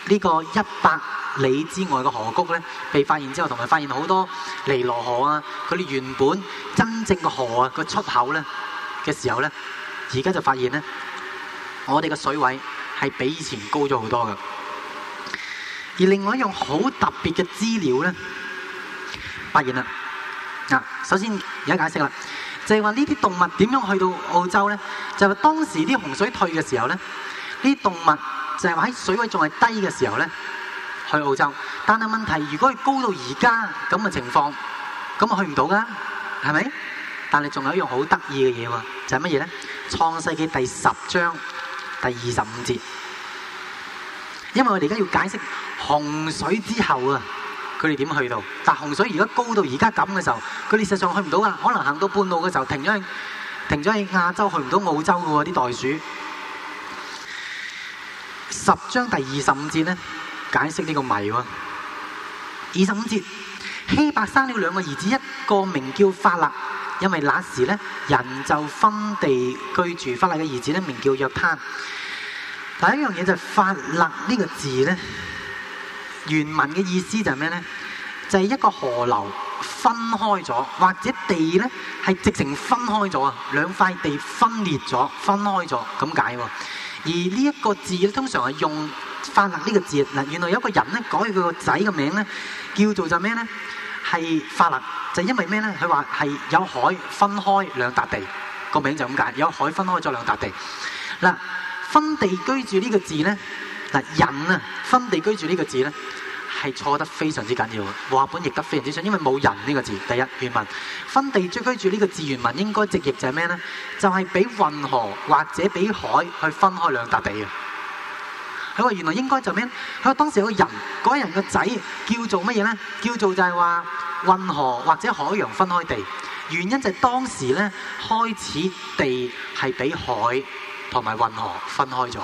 呢個一百里之外嘅河谷咧，被發現之後，同埋發現好多尼羅河啊，佢哋原本真正嘅河啊個出口咧嘅時候咧，而家就發現咧，我哋嘅水位係比以前高咗好多嘅。而另外一樣好特別嘅資料呢，發現了首先而家解釋了就係話呢啲動物點樣去到澳洲呢？就係、是、當時啲洪水退嘅時候呢，這啲動物就係話喺水位仲係低嘅時候呢去澳洲。但係問題，如果係高到而家咁嘅情況，那啊去唔到，是係咪？但係仲有一樣好得意嘅嘢喎，就係乜嘢呢？創世記第十章第二十五節，因為我哋而家要解釋。洪水之後啊，佢哋點去到？但洪水而家高到而家咁嘅時候，佢哋實際上去唔到啊。可能行到半路嘅時候停咗，停咗喺亞洲，去唔到澳洲噶，啲袋鼠。十章第二十五節呢，解釋呢個謎。二十五節，希伯生了兩個兒子，一個名叫法勒，因為那時呢，人就分地居住。法勒嘅兒子呢，名叫約坦。第一樣嘢就係法勒呢個字呢。原文嘅意思就係咩呢？就係、是、一個河流分開咗，或者地呢係直情分開咗啊！兩塊地分裂咗、分開咗咁解喎。而呢一個字咧，通常係用法勒呢個字。嗱，原來有個人呢改佢個仔嘅名呢，叫做就咩呢？係法勒，就是、因為咩呢？佢話係有海分開兩笪地，個名就咁解，有海分開咗兩笪地。嗱，分地居住呢個字呢。人啊，分地居住呢個字咧，係錯得非常之緊要。譯本譯得非常之準，因為冇人呢個字。第一，原文分地追居住呢個字，原文應該直譯就係咩咧？就係俾運河或者俾海去分開兩笪地嘅。佢話原來應該就咩咧？佢話當時有個人，嗰人個仔叫做乜嘢咧？叫做就係話運河或者海洋分開地。原因就係當時咧，開始地係俾海同埋運河分開咗。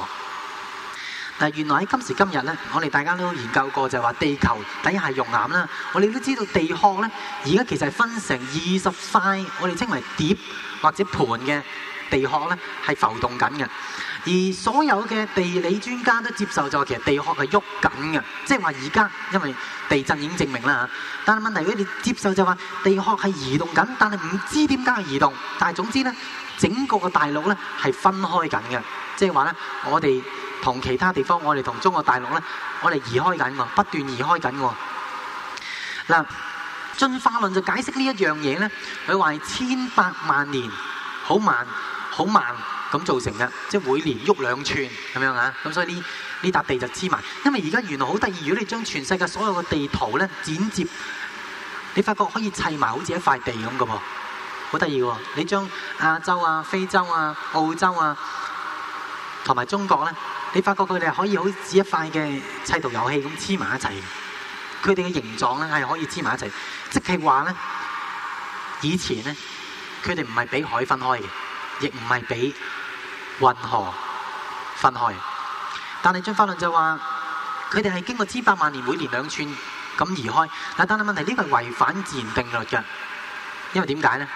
但原來喺今時今日咧，我哋大家都研究過就係話地球底下溶岩啦。我哋都知道地殼咧，而家其實係分成二十塊，我哋稱為碟或者盤嘅地殼咧係浮動緊嘅。而所有嘅地理專家都接受就話其實地殼係喐緊嘅，即係話而家因為地震已經證明啦。但係問題如果你接受就話地殼係移動緊，但係唔知點解移動。但係總之咧，整個嘅大陸咧係分開緊嘅，即係話咧我哋。同其他地方，我哋同中國大陸咧，我哋移開緊喎，不斷移開緊喎。嗱，進化論就解釋呢一樣嘢咧，佢話係千百萬年，好慢，好慢咁造成嘅，即係每年喐兩寸咁樣啊。咁所以呢呢笪地就黐埋，因為而家原來好得意，如果你將全世界所有嘅地圖咧，剪接，你發覺可以砌埋好似一塊地咁嘅噃，好得意喎！你將亞洲啊、非洲啊、澳洲啊同埋中國咧。你發覺佢哋可以好似一塊嘅砌圖遊戲咁黐埋一齊，佢哋嘅形狀咧係可以黐埋一齊。即係話咧，以前咧，佢哋唔係俾海分開嘅，亦唔係俾運河分開。但係張法論就話，佢哋係經過千百萬年，每年兩寸咁移開。但係等等問題，呢個係違反自然定律嘅，因為點解咧？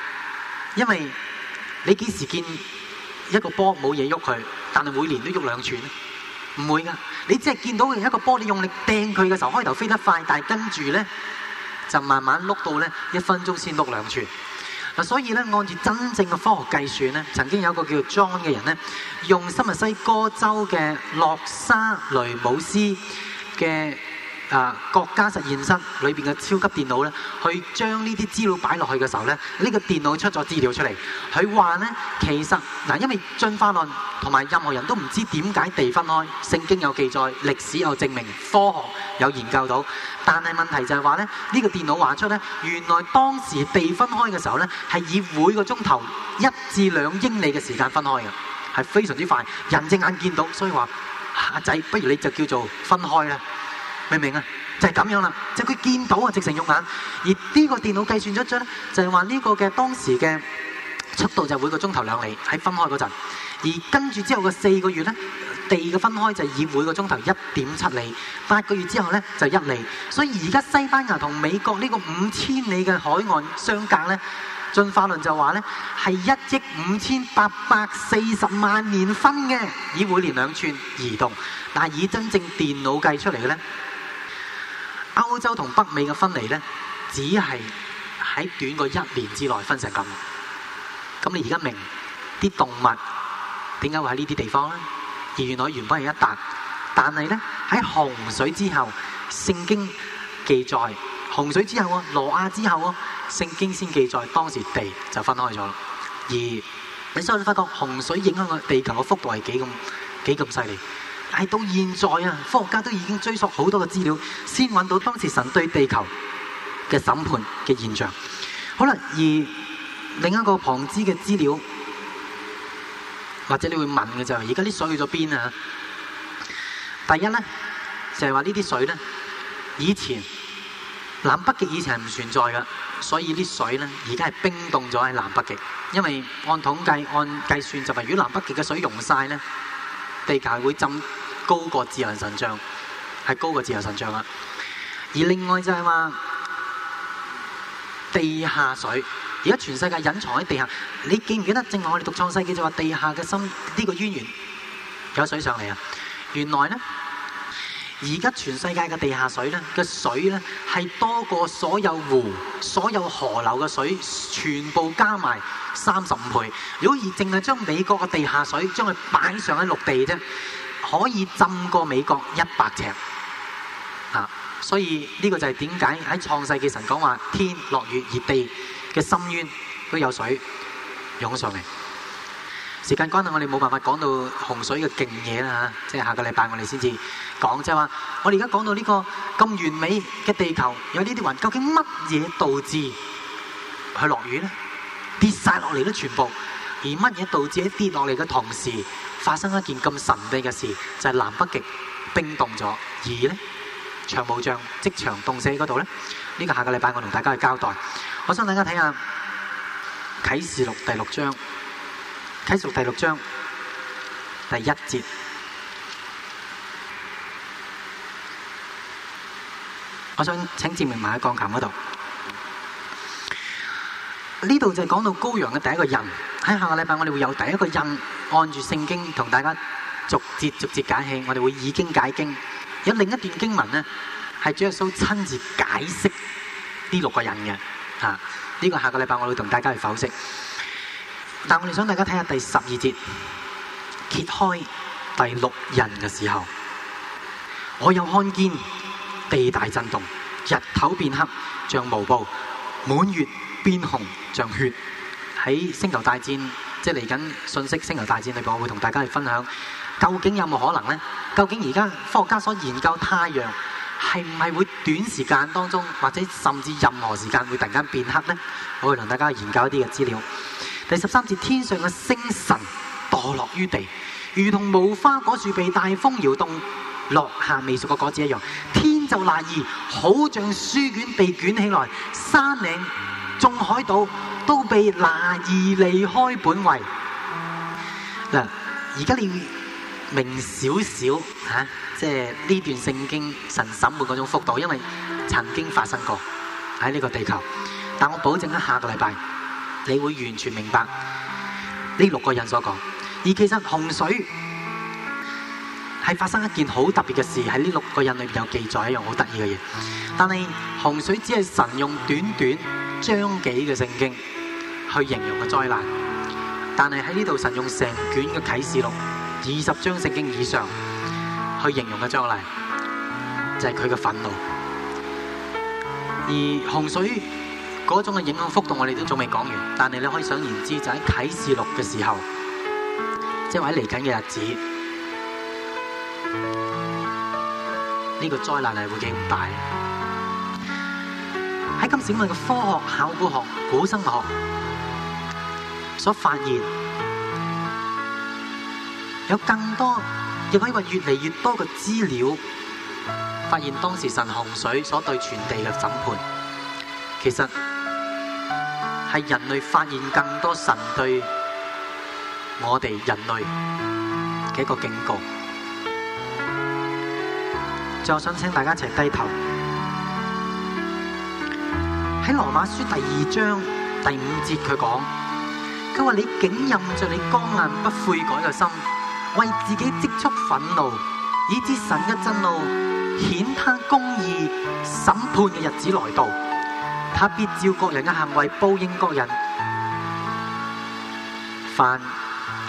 因為你幾時見一個波冇嘢喐佢，但係每年都喐兩寸咧？唔會㗎，你只係見到佢一個玻璃用力掟佢嘅時候，開頭飛得快，但係跟住呢，就慢慢碌到呢，一分鐘先碌兩寸。所以呢，按住真正嘅科學計算呢，曾經有一個叫 John 嘅人呢，用新墨西哥州嘅洛沙雷姆斯嘅。啊、呃！國家實驗室裏面嘅超級電腦咧，將這些資去將呢啲資料擺落去嘅時候咧，呢、這個電腦出咗資料出嚟，佢話呢，其實嗱，因為進化論同埋任何人都唔知點解地分開，聖經有記載，歷史有證明，科學有研究到，但係問題就係話呢，呢、這個電腦話出呢，原來當時地分開嘅時候呢，係以每個鐘頭一至兩英里嘅時間分開嘅，係非常之快，人隻眼見到，所以話，阿仔，不如你就叫做分開啦。明唔明啊？就係、是、咁樣啦，就佢、是、見到啊，直成肉眼。而呢個電腦計算出咗咧，就係話呢個嘅當時嘅速度就每個鐘頭兩厘，喺分開嗰陣，而跟住之後嘅四個月咧，地嘅分開就以每個鐘頭一點七厘，八個月之後咧就一厘。所以而家西班牙同美國呢個五千里嘅海岸相隔咧，進化論就話咧係一億五千八百四十萬年分嘅，以每年兩寸移動，但係以真正電腦計出嚟嘅咧。歐洲同北美嘅分離咧，只係喺短過一年之內分成咁。咁你而家明啲動物點解會喺呢啲地方咧？而原來原本係一笪，但係咧喺洪水之後，聖經記載洪水之後啊，羅亞之後啊，聖經先記載當時地就分開咗。而你所以你發覺洪水影響個地球嘅幅度係幾咁幾咁犀利。係到現在啊，科學家都已經追溯好多嘅資料，先揾到當時神對地球嘅審判嘅現象。好啦，而另一個旁支嘅資料，或者你會問嘅就係：而家啲水去咗邊啊？第一咧就係話呢啲水咧，以前南北極嘅以前係唔存在噶，所以啲水咧而家係冰凍咗喺南北極。因為按統計按計算，就係如果南北極嘅水溶晒咧，地球會浸。高過自由神像，係高過自由神像啊。而另外就係、是、話，地下水，而家全世界隱藏喺地下。你記唔記得？正話我哋讀創世紀就話，地下嘅深呢、呢個淵源有水上嚟啊。原來呢，而家全世界嘅地下水呢，嘅水呢，係多過所有湖、所有河流嘅水，全部加埋三十五倍。如果而淨係將美國嘅地下水將佢擺上喺陸地啫。可以浸過美國一百尺啊！所以呢個就係點解喺創世記神講話天落雨，而地嘅深淵都有水湧上嚟。時間關係，我哋冇辦法講到洪水嘅勁嘢啦吓，即係下個禮拜我哋先至講。即係話我哋而家講到呢個咁完美嘅地球有呢啲雲，究竟乜嘢導致佢落雨咧？跌晒落嚟咧，全部而乜嘢導致喺跌落嚟嘅同時？發生一件咁神秘嘅事，就係、是、南北極冰凍咗。而呢長毛象即場凍死那嗰度咧。呢、這個下個禮拜我同大家去交代。我想大家睇下《啟示錄》第六章，啟示錄第六章第一節。我想請志明埋喺鋼琴嗰度。呢度就講到羔羊嘅第一個人。喺下個禮拜我哋會有第一個印，按住聖經同大家逐節逐節解釋，我哋會以經解經。有另一段經文呢，係耶穌親自解釋呢六個人嘅。吓，呢個下個禮拜我會同大家去剖析。但我哋想大家睇下第十二節，揭開第六印嘅時候我有，我又看見地大震動，日頭變黑，像毛布；滿月變紅，像血。喺星球大戰，即係嚟緊信息星球大戰嚟講，我會同大家去分享究竟有冇可能呢？究竟而家科學家所研究太陽係唔係會短時間當中，或者甚至任何時間會突然間變黑呢？我會同大家研究一啲嘅資料。第十三節：天上嘅星辰墮落於地，如同無花果樹被大風搖動落下未熟嘅果子一樣，天就挪移，好像書卷被捲起來，山嶺，眾海島都被挪移離開本位。嗱，而家你要明少少吓，即係呢段聖經神審判嗰種幅度，因為曾經發生過喺呢個地球。但我保證喺下個禮拜你會完全明白呢六個人所講。而其實洪水係發生一件好特別嘅事，喺呢六個人裏邊有記載一樣好得意嘅嘢。但係洪水只係神用短短。章幾嘅聖經去形容嘅災難，但係喺呢度神用成卷嘅啟示錄二十章聖經以上去形容嘅災難，就係佢嘅憤怒。而洪水嗰種嘅影響幅度，我哋都仲未講完。但係你可以想言之，就喺啟示錄嘅時候，即係喺嚟緊嘅日子，呢、這個災難係會勁唔大。喺今時今日嘅科學、考古學、古生物學，所發現，有更多，亦因為越嚟越多嘅資料，發現，當時神洪水所對全地嘅審判，其實，係人類發現更多神對我哋人類嘅一個警告，最後想請大家一齊低頭。喺羅馬書第二章第五節，佢講，佢話，你竟任着你剛硬不悔改嘅心，為自己積蓄憤怒，以致神嘅震怒顯他公義審判嘅日子來到，他必照各人嘅行為報應各人。凡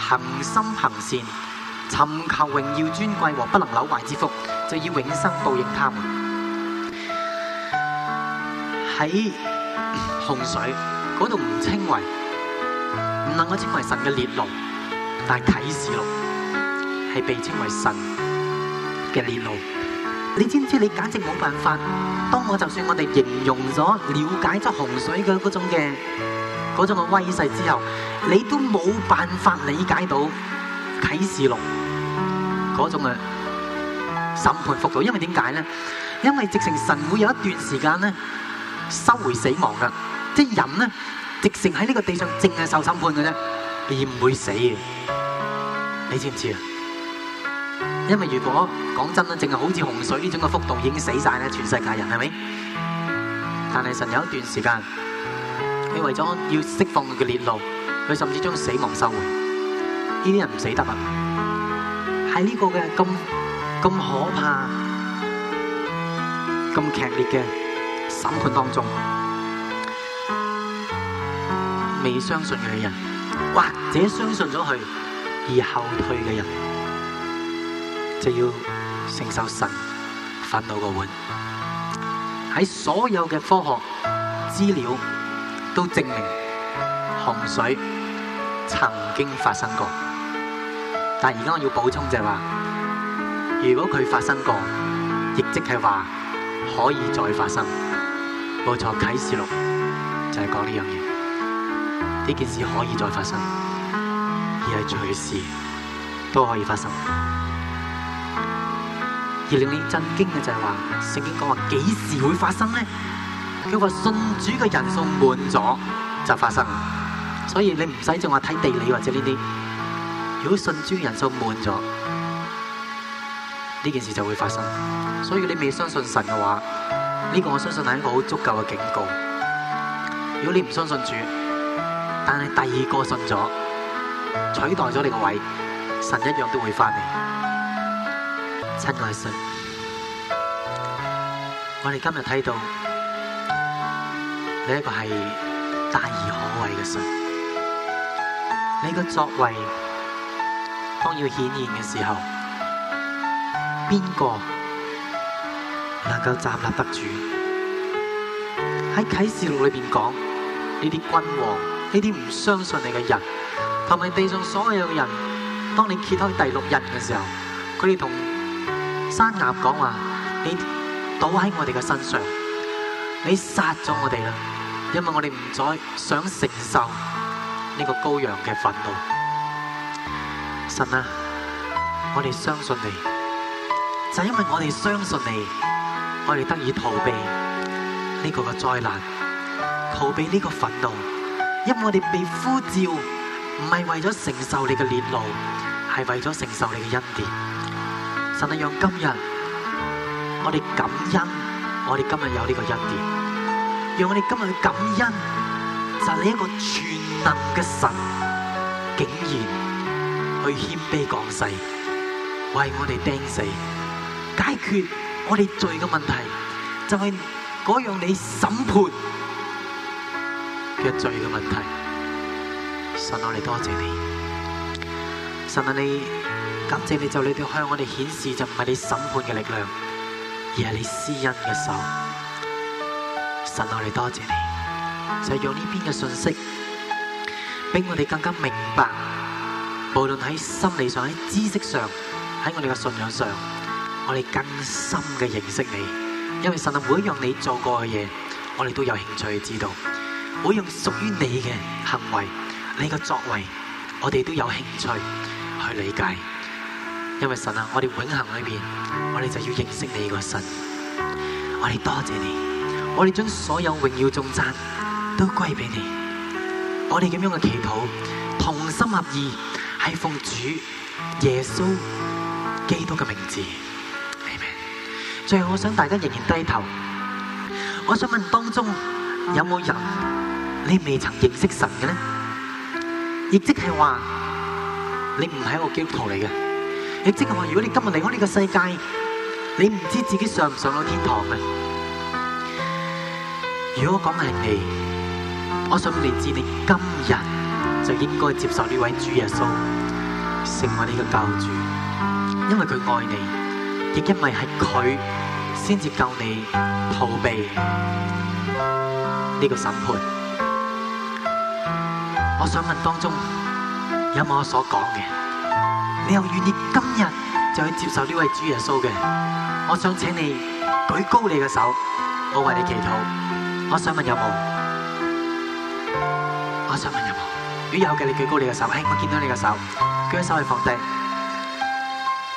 恆心行善，尋求榮耀尊貴和不能朽壞之福，就要永生報應他們。喺洪水嗰度唔稱為，唔能夠稱為神嘅烈怒，但係啟示錄係被稱為神嘅烈怒。你知唔知？你簡直冇辦法。當我就算我哋形容咗、了解咗洪水嘅嗰種嘅嗰種嘅威勢之後，你都冇辦法理解到啟示錄嗰種嘅審判幅度。因為點解咧？因為直情神會有一段時間咧。收回死亡㗎，即係人呢，直情喺呢個地上淨係受審判嘅啫，而唔會死嘅，你知唔知啊？因為如果講真啦，淨係好似洪水呢種嘅幅度已經死晒咧，全世界人係咪？但係神有一段時間，佢為咗要釋放佢嘅烈怒，佢甚至將死亡收回，呢啲人唔死得啊！係呢個嘅咁咁可怕，咁劇烈嘅。審判當中，未相信嘅人，或者相信咗佢而後退嘅人，就要承受神憤怒個碗。喺所有嘅科學資料都證明洪水曾經發生過，但而家我要補充就係話，如果佢發生過，亦即係話可以再發生。冇錯，啟示錄就係講呢樣嘢，呢件事可以再發生，而係隨時都可以發生。而令你震驚嘅就係話，聖經講話幾時會發生呢？佢話信主嘅人數滿咗就發生，所以你唔使淨係睇地理或者呢啲。如果信主嘅人數滿咗，呢件事就會發生。所以你未相信神嘅話，呢個我相信係一個好足夠嘅警告。如果你唔相信主，但係第二個信咗，取代咗你個位，神一樣都會翻嚟。親愛嘅神，我哋今日睇到呢一個係大而可畏嘅神。你嘅作為當要顯現嘅時候，邊個能夠站立得住。喺啟示錄裏邊講呢啲君王，呢啲唔相信你嘅人，同埋地上所有嘅人，當你揭開第六印嘅時候，佢哋同山岩講話：你倒喺我哋嘅身上，你殺咗我哋啦，因為我哋唔再想承受呢個羔羊嘅憤怒。神啊，我哋相信你，就是因為我哋相信你。我哋得以逃避呢個災難，逃避呢個憤怒，因為我哋被呼召，唔係為咗承受你嘅烈怒，係為咗承受你嘅恩典。神啊，讓今日我哋感恩，我哋今日有呢個恩典，讓我哋今日去感恩，神你一個全能嘅神，竟然去謙卑降世，為我哋釘死，解決。我哋罪嘅問題就係、是、嗰樣你審判嘅罪嘅問題，神啊，我哋多謝你，神啊你感謝你就你哋向我哋顯示就唔係你審判嘅力量，而係你施恩嘅手，神啊，我哋多謝你，就是、用呢邊嘅信息俾我哋更加明白，無論喺心理上、喺知識上、喺我哋嘅信仰上。我哋更深嘅認識你，因為神啊，每一樣你做過嘅嘢，我哋都有興趣知道；每一樣屬於你嘅行為、你嘅作為，我哋都有興趣去理解。因為神啊，我哋永恆裏邊，我哋就要認識你個神。我哋多謝你，我哋將所有榮耀頌讚都歸俾你。我哋咁樣嘅祈禱，同心合意，係奉主耶穌基督嘅名字。最後我想大家仍然低頭，我想問當中有冇人你未曾認識神嘅呢？亦即係話你唔係一個基督徒嚟嘅，亦即係話如果你今日離開呢個世界，你唔知自己上唔上到天堂啊！如果講係你，我想你自你今日就應該接受呢位主耶穌成為呢個救主，因為佢愛你。亦因為係佢先至夠你逃避呢個審判。我想問當中有冇我所講嘅？你又願意今日就去接受呢位主耶穌嘅？我想請你舉高你嘅手，我為你祈禱。我想問有冇？我想問有冇？如果有嘅，你舉高你嘅手，哎，我見到你嘅手，舉手去放低。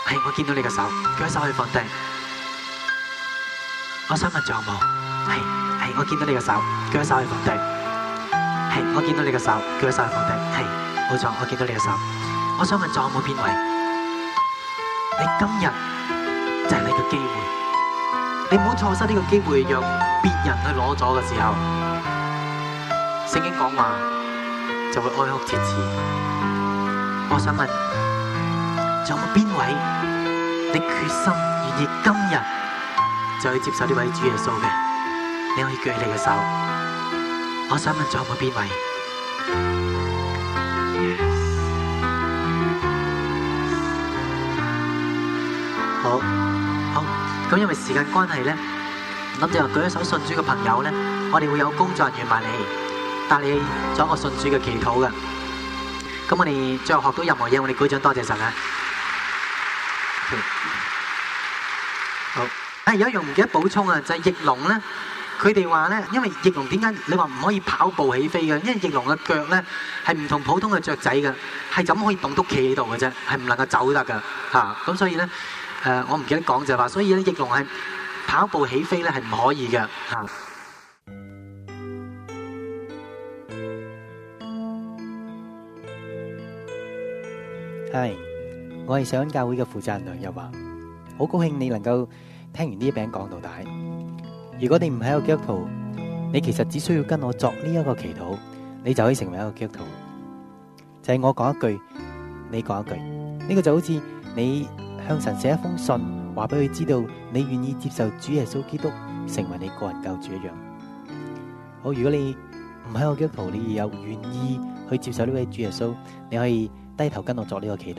係，我見到你個手，舉手可以放低。我想問仲有冇？係係，我見到你個手，舉手可以放低。係，我見到你個手，舉手可以放低。係，冇錯，我見到你個手、手、手。我想問仲有冇邊位？你今日就係你個機會，你唔好錯失呢個機會，讓別人去攞咗嘅時候，聖經講話就會哀哭切齒。我想問。仲有冇邊位？你決心願意今日就去接受呢位主耶穌嘅？你可以舉起你嘅手。我想問仲有冇邊位？好，好。咁因為時間關係咧，諗住話舉一手信主嘅朋友咧，我哋會有工作人員埋你，但係做一個信主嘅祈禱嘅。咁我哋最後學到任何嘢，我哋舉掌多謝神啊！好，啊，有一樣唔記得補充啊，就係翼龍咧，佢哋話咧，因為翼龍，點解你話唔可以跑步起飛嘅？因為翼龍嘅腳咧係唔同普通嘅雀仔嘅，係咁可以棟篤企喺度嘅啫，係唔能夠走得噶吓。咁所以咧，誒，我唔記得講就係話，所以咧翼龍係跑步起飛咧係唔可以嘅吓。係。我係上教會嘅負責人又話：好高興，你能夠聽完呢一篇講道帶。如果你唔係一個基督徒，你其實只需要跟我作呢一個祈禱，你就可以成為一個基督徒。就係我講一句，你講一句，呢個，就好似你向神寫一封信，話俾佢知道你願意接受主耶穌基督成為你個人救主一樣。好，如果你唔係一個基督徒，你又願意去接受呢位主耶穌，你可以低頭跟我作呢個祈禱。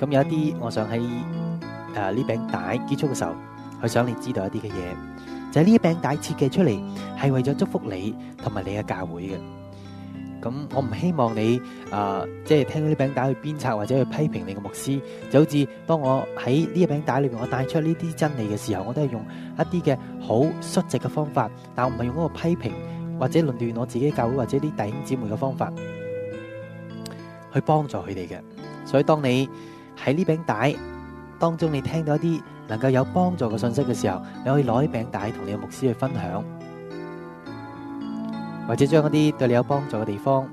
咁有一啲，我想喺誒呢餅帶結束嘅時候，去想你知道一啲嘅嘢，就係、是、呢餅帶設計出嚟，係為咗祝福你同埋你嘅教會嘅。咁我唔希望你誒，即、呃、係、就是，聽到呢餅帶去鞭策，或者去批評你嘅牧師，就好似當我喺呢餅帶裏面我帶出呢啲真理嘅時候，我都係用一啲嘅好率直嘅方法，但我唔係用嗰個批評或者論斷我自己教會或者啲弟兄姊妹嘅方法去幫助佢哋嘅。所以當你。喺呢餅帶當中，你聽到一啲能夠有幫助嘅信息嘅時候，你可以攞起餅帶同你嘅牧師去分享，或者將一啲對你有幫助嘅地方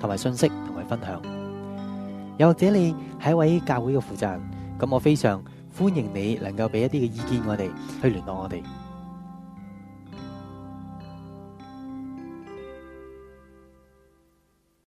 同埋信息同埋分享。又或者你係一位教會嘅負責人，咁我非常歡迎你能夠俾一啲嘅意見我哋，去聯絡我哋。